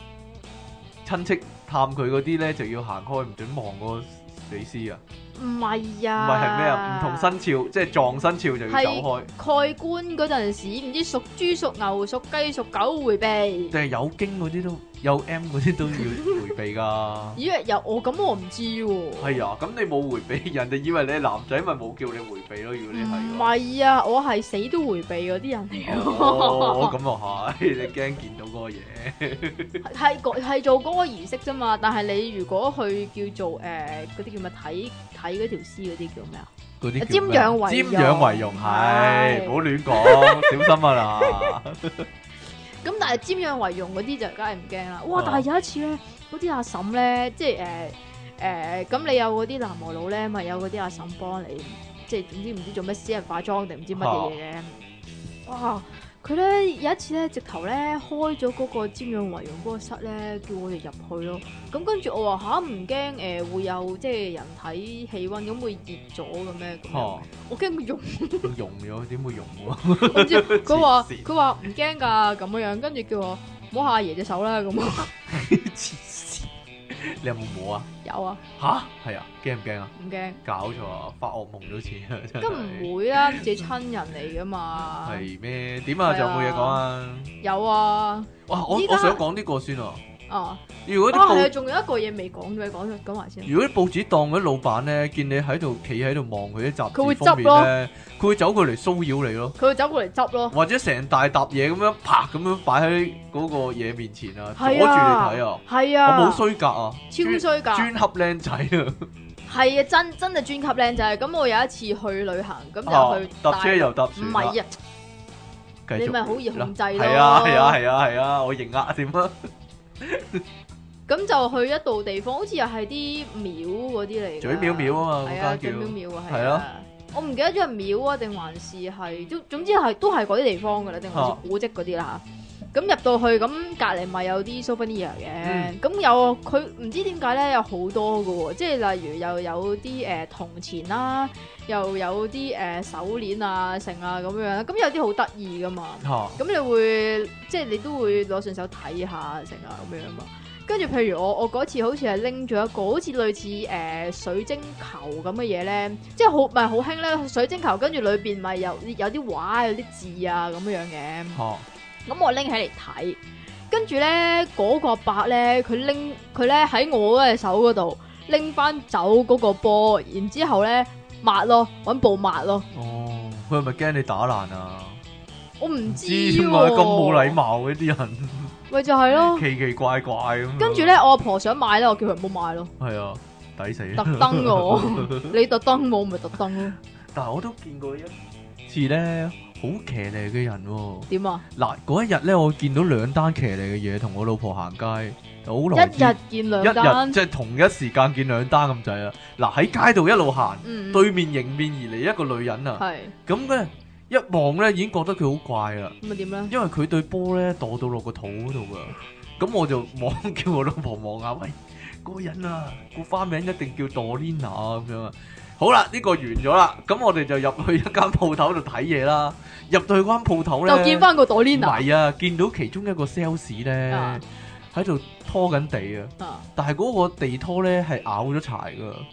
親戚探佢嗰啲咧，就要行開唔准望個死屍啊。唔係啊，啊，唔係係咩啊？唔同生肖即係撞生肖就要走開蓋。蓋棺嗰陣時，唔知屬豬屬牛屬雞屬狗回避。定係有驚嗰啲都。有 M 嗰啲都要回避噶。咦、 [laughs] 呃？有、呃哦、我咁我唔知喎。係啊，咁、 [laughs] 哎、你冇回避人，人哋以為你係男仔，咪冇叫你回避咯、啊。如果你唔係啊，我係死都回避嗰啲人嚟嘅 [laughs] 哦。哦，咁又係，你驚見到嗰個嘢？係 [laughs] 係做嗰個儀式啫嘛，但係你如果去叫做誒嗰啲叫乜睇睇嗰條屍嗰啲叫咩啊？嗰啲些。瞻仰遺容瞻仰遺容係，唔好亂講，小心啊啦。 [laughs] 咁、嗯、但係瞻仰遺容嗰啲就梗係唔驚啦。哇！但係有一次咧，嗰啲阿嬸咧，即係誒誒，咁、呃呃、你有嗰啲男模佬咧，咪、就是、有嗰啲阿嬸幫你，即係總之唔知，知做咩私人化妝定唔知乜嘢嘅，好哇！佢咧有一次咧，直頭咧開咗嗰個氫氧維氧個室咧，叫我哋入去咯。咁跟住我話吓？唔驚誒會有即係人體氣溫會唔會熱咗咁咩？哦、我驚佢融，融咗點會融，跟住佢話，佢話唔驚㗎咁樣，跟住叫我摸下阿爺隻手啦咁。 [laughs] [laughs] 你有冇冇啊？有啊！吓，係啊，驚唔驚啊？唔驚，搞錯啊，發惡夢都似啊！咁唔會啊！ [laughs] 自己親人嚟噶嘛？係咩？點啊？仲有冇嘢講啊？有，有，啊有啊！哇，我在我想講呢個先啊！哦，如果啊，係啊，仲有一個嘢未講，未講出講埋先。如果啲報紙檔嗰啲老闆咧，見你喺度企喺度望佢啲雜誌方面咧，佢會走過嚟騷擾你咯。佢會走過嚟執咯。或者成大沓嘢咁樣拍咁樣擺喺嗰個嘢面前啊，阻住你睇啊，係啊，好衰格啊，超衰格，專級靚仔啊，係啊，真真係專級靚仔。咁我有一次去旅行，咁就去搭車又搭唔係啊，你咪好易控制咯，係啊係啊係啊係啊，我認壓點啊。咁 [laughs] [laughs] 就去一度地方，好似又係啲廟嗰啲嚟嘅，嘴廟廟啊嘛，嘴廟廟啊，係啊，我唔記得咗係廟啊，定還是係，總總之係都係嗰啲地方噶啦，定還是古蹟嗰啲啦吓。啊咁入到去，咁隔籬咪有啲 Souvenir 嘅，咁、嗯、有佢唔知點解咧，有好多嘅，即係例如又有啲誒、呃、銅錢啦、啊，又有啲誒、呃、手鏈啊，成啊咁樣啦，咁有啲好得意噶嘛，咁、哦、你會即係你都會攞上手睇下成啊咁樣，樣嘛。跟住譬如我我嗰次好似係拎咗一個，好似類似誒、呃、水晶球咁嘅嘢咧，即係好唔係好興咧水晶球，跟住裏邊咪有有啲畫有啲字啊咁樣嘅。嗯嗯咁我拎起嚟睇，跟住咧嗰個阿伯咧，佢拎佢咧喺我嘅手嗰度拎翻走嗰個波，然之後咧抹咯，揾布抹咯。哦，佢係咪驚你打爛啊？我唔知，點解咁冇禮貌呢啲人，咪就係咯，奇奇怪怪咁。跟住咧，我阿婆想買咧，我叫佢唔好買咯。係啊，抵死，特登我，你特登我咪特登？但係我都見過一次咧。好騎、哦啊、呢嘅人點啊，嗱嗰一日咧，我見到兩單騎呢嘅嘢，同我老婆行街，好耐，一日見兩單，即係、就是、同一時間見兩單咁滯啦。嗱喺街度一路行，嗯、對面迎面而嚟一個女人啊，咁咧是一望咧已經覺得佢好怪啦。咁咪點咧？因為佢對波咧墮到落個肚嗰度噶，咁我就望，叫我老婆望下，喂，嗰個人啊，個花名一定叫 Dolina 咁樣啊。好啦，呢、這個完咗啦，咁我哋就入去一間鋪頭度睇嘢啦。入到去間鋪頭咧，就見翻個袋琳娜。唔係啊，見到其中一個 sales 咧喺度拖緊地啊，但係嗰個地拖咧係咬咗柴噶，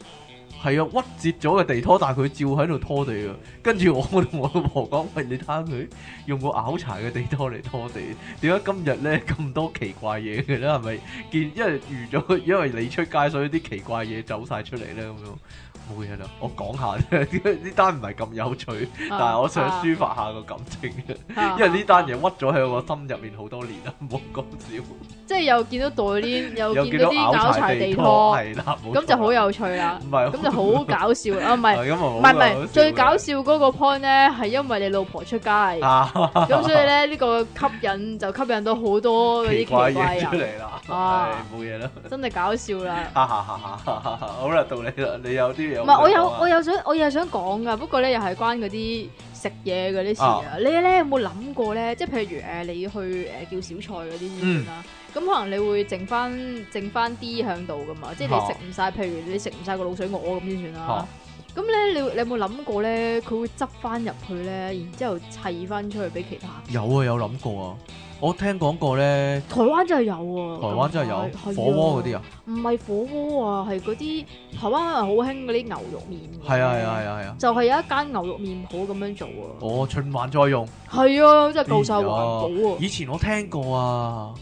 係啊，屈折咗嘅地拖，但係佢照喺度拖地啊。我跟住我同我老婆講：喂，你睇下佢用個咬柴嘅地拖嚟拖地，點解今日咧咁多奇怪嘢嘅咧？係咪見因為遇咗，因為你出街，所以啲奇怪嘢走晒出嚟咧咁樣。冇嘢啦，我講下啫。呢單唔係咁有趣，但係我想抒發下個感情嘅，因為呢單嘢屈咗喺我心入面好多年啊，冇講笑。即係又見到袋 link，又見到啲搞柴地拖，係啦，咁就好有趣啦。唔係，咁就好搞笑啊！唔係，唔係，唔係，最搞笑嗰個 point 咧，係因為你老婆出街，咁所以咧呢個吸引就吸引到好多嗰啲奇怪人出嚟啦。係，冇嘢啦，真係搞笑啦！哈哈哈！好啦，到你啦，你有啲嘢。唔係，我有我有想我有想講噶，不過咧，又係關嗰啲食嘢嗰啲事啊。啊你咧，有冇諗過咧？即係譬如誒、呃，你去誒、呃、叫小菜嗰啲先算啦、啊。咁、嗯、可能你會剩翻剩翻啲喺度噶嘛？即係你食唔晒，啊、譬如你食唔晒個鹵水鵝咁先算啦、啊。咁咧、啊，你你有冇諗過咧？佢會執翻入去咧，然之後砌翻出去俾其他。有啊，有諗過啊。我聽講過咧，台灣真係有啊，台灣真係有是火鍋嗰啲啊，唔係火鍋啊，係嗰啲台灣人好興嗰啲牛肉麵，係啊係啊係啊，啊啊啊就係有一間牛肉麵鋪咁樣做啊，哦循環再用，係啊真係夠晒環保啊，以前我聽過啊。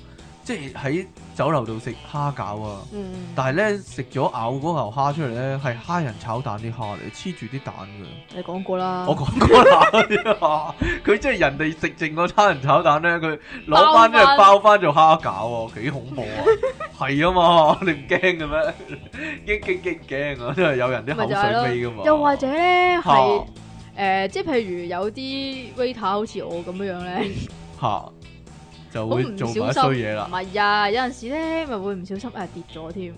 即係喺酒樓度食蝦餃啊，嗯、但係咧，食咗咬牛頭蝦出嚟，咧係蝦仁炒蛋啲蝦嚟，黐住啲蛋噶。你講過啦，我講過啦，佢即係人哋食剩嗰蝦仁炒蛋咧，佢攞翻咗包翻做蝦餃啊，幾恐怖啊！係啊嘛，你唔驚嘅咩？驚驚驚驚啊！因為有人啲口水味噶嘛，又或者係誒，即係譬如有啲 waiter 好似我咁樣樣咧吓。就唔小心，衰嘢啦。唔係啊，有陣時咧，咪會唔小心哎跌咗添。啊、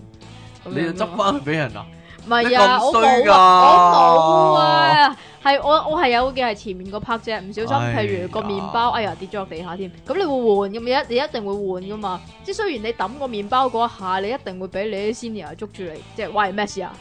你要執翻去俾人啊？唔係啊，麼麼啊我冇噶，我冇啊。係我我係有嘅，係前面嗰拍啫。唔小心，哎、呀譬如個麵包哎呀跌咗落地下添。咁你會換，咁一你一定會換噶嘛。即係雖然你抌個麵包嗰一下，你一定會俾你，你，你 senior 捉住你，即係喂，咩事啊？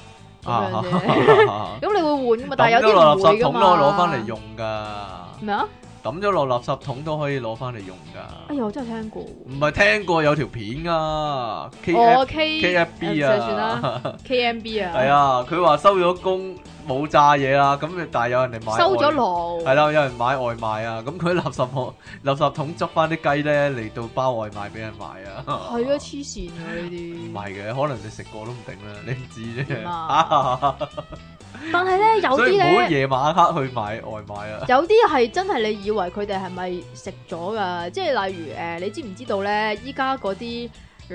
咁、啊、樣啫。咁、啊啊啊啊、 [laughs] 你會換噶嘛？但係有啲唔會噶嘛。丟落垃圾桶咯，攞翻嚟用噶。咩啊？抌咗落垃圾桶都可以攞翻嚟用噶。哎呀，我真係聽過。唔係聽過有條片啊。K F、哦、K K F B 啊。嗯、算啦、 [laughs] K M B 啊。係啊，佢話收咗工。冇炸嘢啦，咁但係有人嚟買，收咗爐。係啦，有人買外賣啊，咁佢垃圾殼、垃圾桶執翻啲雞咧嚟到包外賣俾人買啊。係啊，黐線啊呢啲。唔係嘅，可能你食過都唔定啦，你唔知啫。啊、 [laughs] 但係咧，有啲冇夜晚黑去買外賣啊。有啲係真係你以為佢哋係咪食咗噶？即係例如誒，你知唔知道咧？依家嗰啲。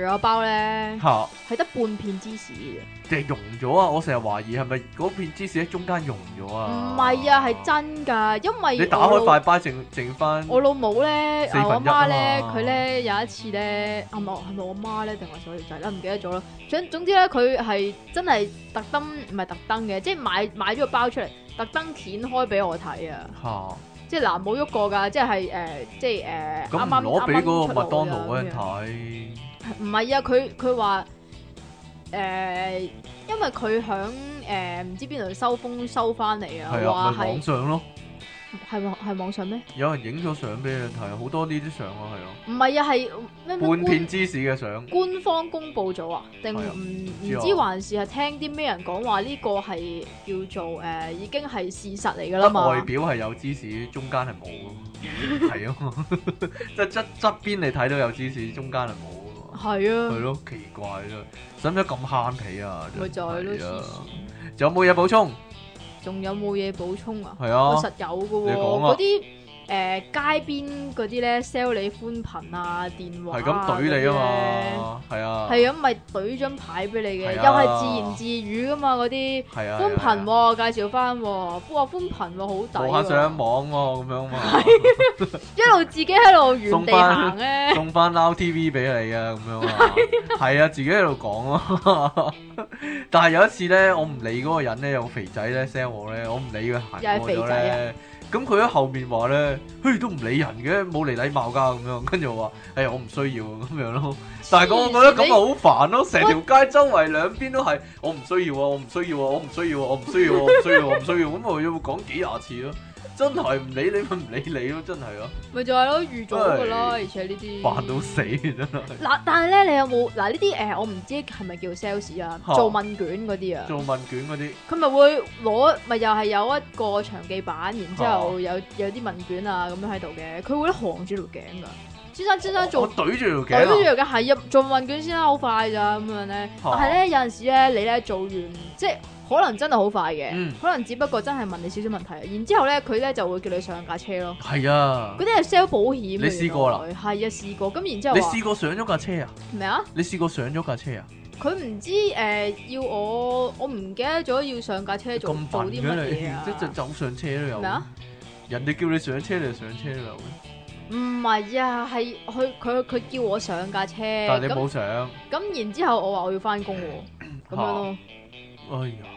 嗰包咧嚇係得半片芝士嘅，啫、啊，就溶咗啊！我成日懷疑係咪嗰片芝士喺中間溶咗啊？唔係啊，係真㗎，因為你打開塊包剩剩返我老母咧，我阿媽咧，佢咧有一次咧，啊唔係咪我媽咧定還是我仔咧唔記得咗啦。總總之咧，佢係真係特登唔係特登嘅，即係買買咗個包出嚟，特登掀開俾我睇啊！嚇，即係嗱冇喐過㗎，即係誒即係誒，咁啱啱攞俾嗰個麥當勞嗰人睇。唔係啊，佢佢話誒，因為佢響誒唔知邊度收風收翻嚟啊，話係是網上咯，係網係網上咩？有人影咗相俾你睇，好多呢啲相啊，係啊，唔係啊，係咩半片芝士嘅相？官方公布咗啊？定唔唔知還是係、啊啊、聽啲咩人講話呢個係叫做誒、呃，已經係事實嚟噶啦嘛？外表係有芝士，中間係冇咯，係啊，即係側側邊你睇到有芝士，中間係冇。係啊，係咯，啊，奇怪啦，使唔使咁慳皮啊？咪，啊、就係咯，啊，啊、有冇嘢補充？仲有冇嘢補充啊？係啊，實有㗎喎，啊，嗰啲。誒，街邊嗰啲咧 sell 你寬頻啊電話，係咁對你啊嘛，係啊，係咁咪對張牌俾你嘅，又係自言自語㗎嘛嗰啲，係啊寬頻介紹翻，不過寬頻喎好抵喎，上網喎咁樣嘛，一路自己喺度原地行咧，送翻 LTV 俾你啊咁樣，係啊自己喺度講咯，但係有一次咧，我唔理嗰個人咧，有肥仔咧 sell 我咧，我唔理佢行過咗咧，又係肥仔。咁佢喺後面話咧，嘿都唔理人嘅，冇嚟禮貌㗎咁樣，跟住我話，哎呀，我唔需要啊。咁樣咯。但係我覺得咁啊好煩咯，成條街周圍兩邊都係，我唔需要啊，我唔需要啊，我唔需要啊，我唔需要啊，我唔需要啊，我唔需要啊，咁我要講幾廿次咯。真係唔理你咪唔理你咯，真係咯、啊，咪就係咯，預咗噶啦，而且呢啲煩到死真係。嗱，但係咧，你有冇嗱呢啲誒？我唔知係咪叫 sales 啊，做問卷嗰啲啊，做問卷嗰啲，佢咪會攞，咪又係有一個長記板，然之後有有啲問卷啊咁樣喺度嘅，佢會行住條頸噶，先生先生做，我懟住條頸，懟住條頸係入做問卷先啦，好快咋咁樣咧。但係咧有陣時咧，你咧做完即係。可能真係好快嘅，可能只不過真係問你少少問題，然之後咧佢咧就會叫你上架車咯。係啊，嗰啲係 sell 保險。你試過啦？係啊，試過。咁然之後，你試過上咗架車啊？咩啊？你試過上咗架車啊？佢唔知誒要我，我唔記得咗要上架車做啲乜嘢啊！即係走上車都有咩啊？人哋叫你上車你就上車啦，唔係啊？係佢佢佢叫我上架車，但你冇上。咁然之後我話我要翻工喎，咁樣咯。哎呀～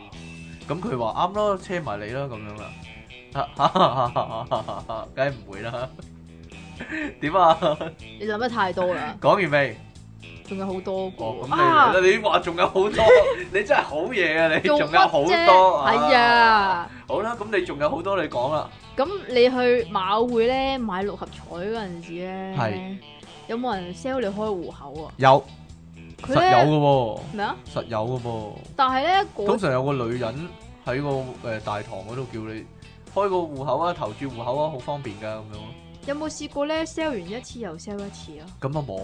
咁佢話啱咯，車埋你咯，咁樣啦，梗係唔會啦。點啊？你諗得太多啦。講完未？仲有好多個啊！你話仲有好多，你真係好嘢啊！你仲有好多，係啊。好啦，咁你仲有好多你講啦。咁你去馬會咧買六合彩嗰陣時咧，係有冇人 sell 你開戶口啊？有。實有嘅喎，咩啊麼？實有嘅喎。但係咧，通常有個女人喺個誒、呃、大堂嗰度叫你開個戶口啊，投注戶口啊，好方便㗎咁樣。有冇試過咧？sell 完一次又 sell 一次啊？咁啊冇，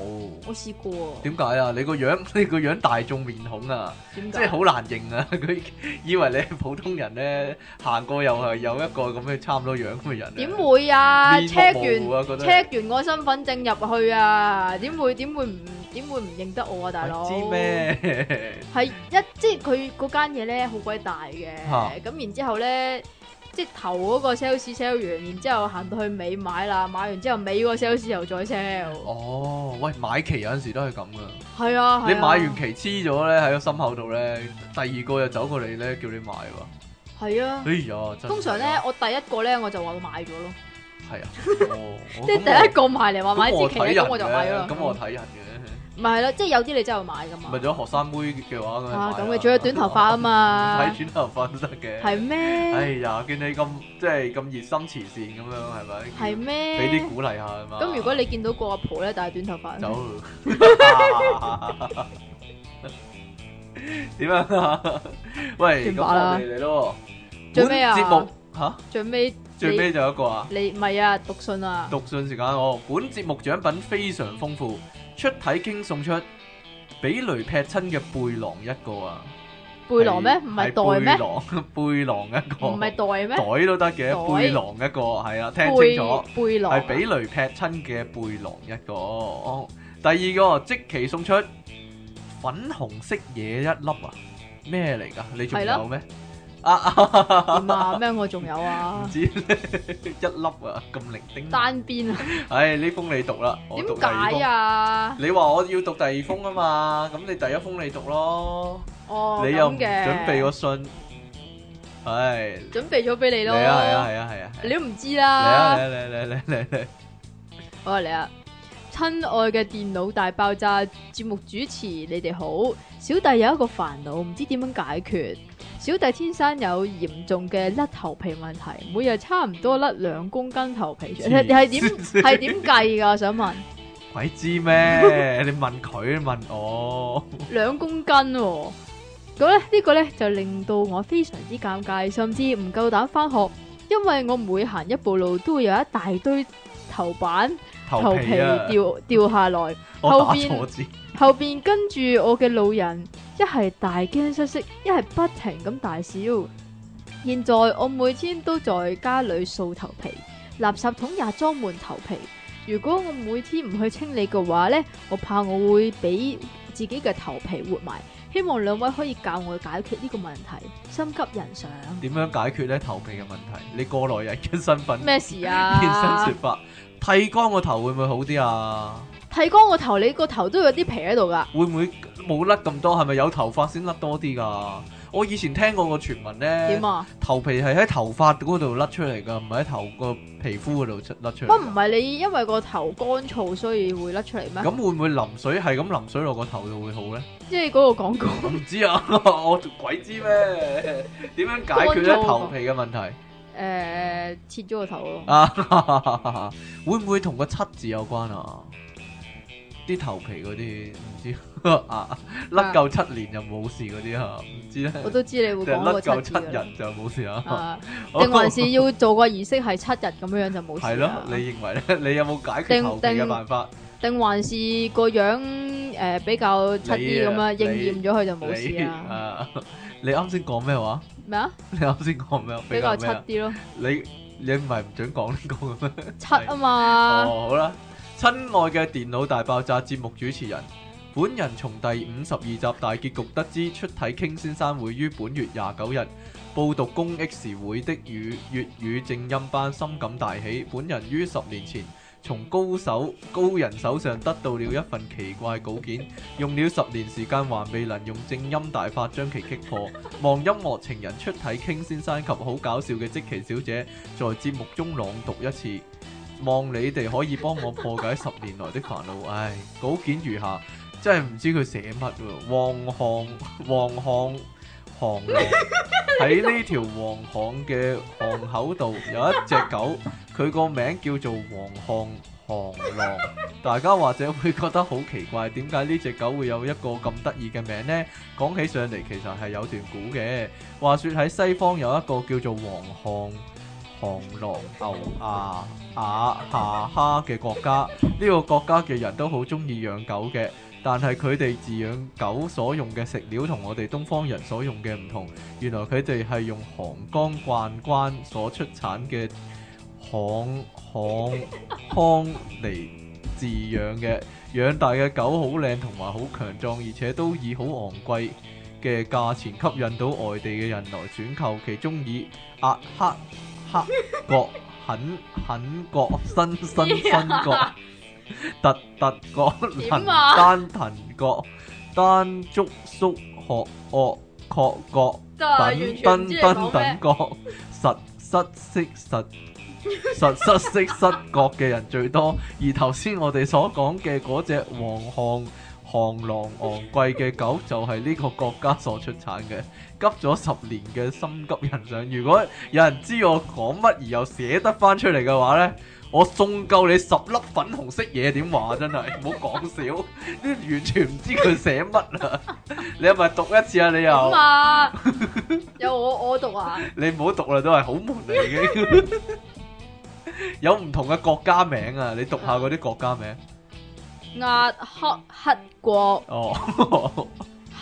我試過。點解啊？你個樣，你個樣大眾面孔啊，即係好難認啊！佢以為你係普通人咧，行過又係有一個咁嘅差唔多樣嘅人、啊。點會啊？check、啊、完 check 完我身份證入去啊，點會？點會唔？點會唔認得我啊，大佬？知咩？係 [laughs] 一即係佢嗰間嘢咧，好鬼大嘅。咁、啊、然之後咧。即頭嗰個 sales sell 完，然之後行到去尾買啦，買完之後尾個 sales 又再 sell。哦，喂，買旗有陣時都係咁㗎。係啊，啊你買完旗黐咗咧，喺個心口度咧，第二個又走過嚟咧，叫你買喎。係啊。哎呀，通常咧，我第一個咧，我就話買咗咯。係啊，哦、 [laughs] 即第一個賣嚟話、哦、買，買一支旗，一個我，我就買咗啦。咁我睇下。咪係咯，即係有啲你真係買噶嘛。咪咗學生妹嘅話，吓咁嘅，仲有短頭髮啊嘛。睇短頭髮都得嘅。係咩？哎呀，見你咁即係咁熱心慈善咁樣，係咪？係咩？俾啲鼓勵下啊嘛。咁如果你見到個阿婆咧，戴短頭髮，走。點樣啊？喂，咁我哋嚟咯。最尾啊！節目吓？最尾最尾就有一個啊。你唔係啊？讀信啊！讀信時間哦。本節目獎品非常豐富。出體 King 送出，俾雷劈親嘅背囊一個啊！背囊咩？唔係袋咩？背囊一個，唔係袋咩？袋都得嘅，背囊一個係啊，聽清楚，背囊係俾雷劈親嘅背囊一個。哦，第二個積淇送出粉紅色嘢一粒啊！咩嚟噶？你仲有咩？啊啊咩我仲有啊？唔知一粒啊，咁零丁。單邊啊！唉，呢封你讀啦，我讀第二封。點解啊？你話我要讀第二封啊嘛，咁你第一封你讀咯。哦，你又唔準備個信？唉，準備咗俾你咯。係啊係啊係啊係啊！你都唔知啦。嚟嚟嚟嚟嚟嚟！好啊，嚟啊！親愛嘅電腦大爆炸節目主持，你哋好。小弟有一個煩惱，唔知點樣解決。小弟天生有嚴重嘅甩頭皮問題，每日差唔多甩兩公斤頭皮出嚟，係點係點計噶？我想問。鬼知咩？ [laughs] 你問佢，問我。兩公斤喎、哦，咁、那、咧、個、呢、這個咧就令到我非常之尷尬，甚至唔夠膽返學，因為我每行一步路都會有一大堆頭板頭皮、啊、頭皮掉掉下來。 [laughs] 我打錯字 [laughs] 後邊跟住我嘅老人，一係大驚失色，一係不停咁大笑。現在我每天都在家裏掃頭皮，垃圾桶也裝滿頭皮。如果我每天唔去清理嘅話呢，我怕我會俾自己嘅頭皮活埋。希望兩位可以教我解決呢個問題。心急人上，點樣解決呢頭皮嘅問題？你過來人嘅身份咩事啊？現身說法，剃光個頭會唔會好啲啊？剃光個頭，你個頭都有啲皮喺度噶。會唔會冇甩咁多？係咪有頭髮先甩多啲噶？我以前聽過個傳聞咧。點啊樣？頭皮係喺頭髮嗰度甩出嚟噶，唔係喺頭個皮膚嗰度出甩出嚟。乜唔係你因為個頭乾燥所以會甩出嚟咩？咁會唔會淋水係咁淋水落個頭就會好咧？即係嗰個廣告。我唔知啊， [laughs] 我鬼知咩？點樣解決咧頭皮嘅問題？誒、那個呃，切咗個頭咯。 [laughs] 會唔會同個七字有關啊？啲頭皮嗰啲唔知啊，甩夠七年就冇事嗰啲嚇，唔知咧。我都知你會講個七日。就甩夠七日就冇事啊！定還是要做個儀式係七日咁樣樣就冇事？係咯，你認為咧？你有冇解決頭皮嘅辦法？定還是個樣誒比較七啲咁啊？應驗咗佢就冇事啊！你啱先講咩話？咩啊？你啱先講咩話？比較七啲咯。你你唔係唔準講呢個咩？七啊嘛。哦，好啦。親愛嘅電腦大爆炸節目主持人，本人從第五十二集大結局得知出體 King 先生會於本月廿九日報讀公 X 會的語粵語正音班，深感大喜。本人於十年前從高手高人手上得到了一份奇怪稿件，用了十年時間還未能用正音大法將其擊破，望音樂情人出體 King 先生及好搞笑嘅積淇小姐在節目中朗讀一次。望你哋可以幫我破解十年來的煩惱，唉，稿件如下，真係唔知佢寫乜喎。黃巷黃巷黃巷龍，喺呢條黃巷嘅巷口度有一隻狗，佢個名叫做黃巷黃巷龍。大家或者會覺得好奇怪，點解呢隻狗會有一個咁得意嘅名呢？講起上嚟其實係有段古嘅。話說喺西方有一個叫做黃巷龐狼牛、啊、牛亞亞夏哈嘅國家，呢個國家嘅人都好中意養狗嘅，但係佢哋飼養狗所用嘅食料同我哋東方人所用嘅唔同。原來佢哋係用杭江關關所出產嘅巷巷糠嚟飼養嘅，養大嘅狗好靚，同埋好強壯，而且都以好昂貴嘅價錢吸引到外地嘅人來選購。其中以阿克黑國、很很國、新新新國、特特國、騰丹騰國、丹竹叔，縮學惡確國、等登登等國、失失失失失失失國嘅人最多，而頭先我哋所講嘅嗰隻黃巷巷狼昂貴嘅狗就係呢個國家所出產嘅。急咗十年嘅心急人上，如果有人知我講乜而又寫得翻出嚟嘅話咧，我送夠你十粒粉紅色嘢點話？真係唔好講笑，你 [laughs] 完全唔知佢寫乜啊！你係咪讀一次啊？你又啊？有我我讀啊？ [laughs] 你唔好讀啦，都係好悶啦已經。 [laughs] [laughs] 有唔同嘅國家名啊，你讀下嗰啲國家名。亞克克國哦， [laughs]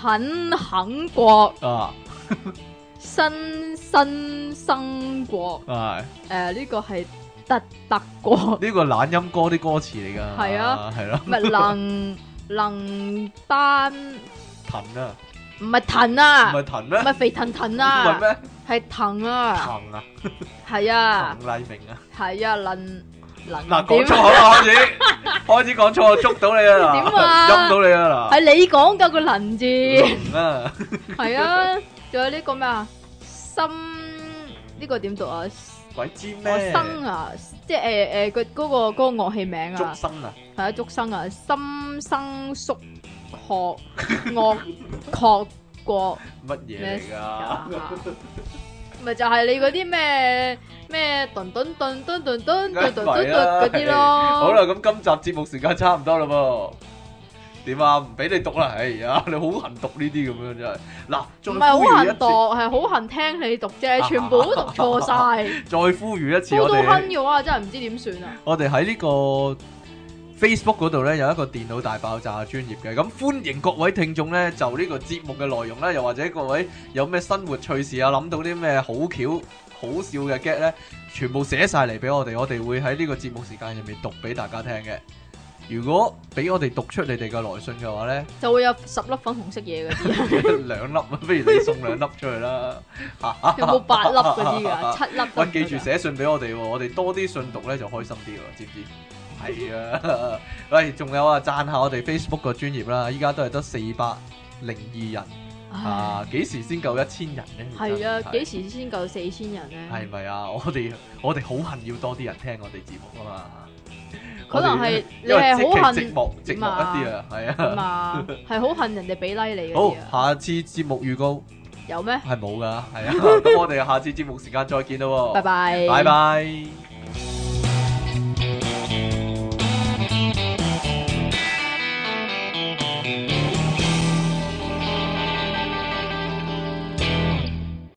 肯肯,肯國啊。新新新國係誒，呢個係德德國呢個懶音歌啲歌詞嚟噶，係啊，係咯，能能丹騰啊，唔係騰啊，唔係騰咩，唔係肥騰騰啊，唔係咩，係騰啊，騰啊，係啊，林麗明啊，係啊，能能嗱，講錯啦，開始開始講錯，捉到你啦，點啊，捉唔到你啦，係你講夠個能字啊，係啊。仲有呢個咩啊？笙呢個點讀啊？鬼知咩？笙啊，即係誒誒，佢嗰個嗰個樂器名啊？竹笙啊，係啊，竹笙啊，笙笙竹殼殼殼國乜嘢嚟㗎？咪就係你嗰啲咩咩頓頓頓頓頓頓頓頓嗰啲咯。好啦，咁今集節目時間差唔多啦，噃。點啊？唔俾你讀啦！哎呀，你好恨讀呢啲咁樣真係。嗱，仲唔係好恨讀，係好恨聽你讀啫，全部都讀錯晒。再呼籲一次。恨好多分嘅話，真係唔知點算啊！啊我哋喺呢個 Facebook 嗰度呢，有一個電腦大爆炸專業嘅，咁歡迎各位聽眾呢，就呢個節目嘅內容呢，又或者各位有咩生活趣事啊，諗到啲咩好巧好笑嘅 get 呢，全部寫晒嚟俾我哋，我哋會喺呢個節目時間入面讀俾大家聽嘅。如果俾我哋讀出你哋嘅來信嘅話咧，就會有十粒粉紅色嘢嘅。兩粒啊，不如你送兩粒出去啦！嚇有冇八粒嗰啲啊？ [laughs] 七粒。喂，記住寫信俾我哋，哦，我哋多啲信讀咧就開心啲喎，知唔知？係啊，喂，仲有啊，讚下我哋 Facebook 個專頁啦！依家都係得四百零二人， [laughs] 哎、啊，幾時先夠一千人咧？係啊，幾時先夠四千人咧？係咪啊？我哋我哋好恨要多啲人聽我哋節目啊嘛！可能係你係好恨寂寞一啲啊，係啊，係好恨人哋俾低你嘅。好，下次節目預告有咩？係冇噶，係啊。咁我哋下次節目時間再見囉。拜拜，拜拜。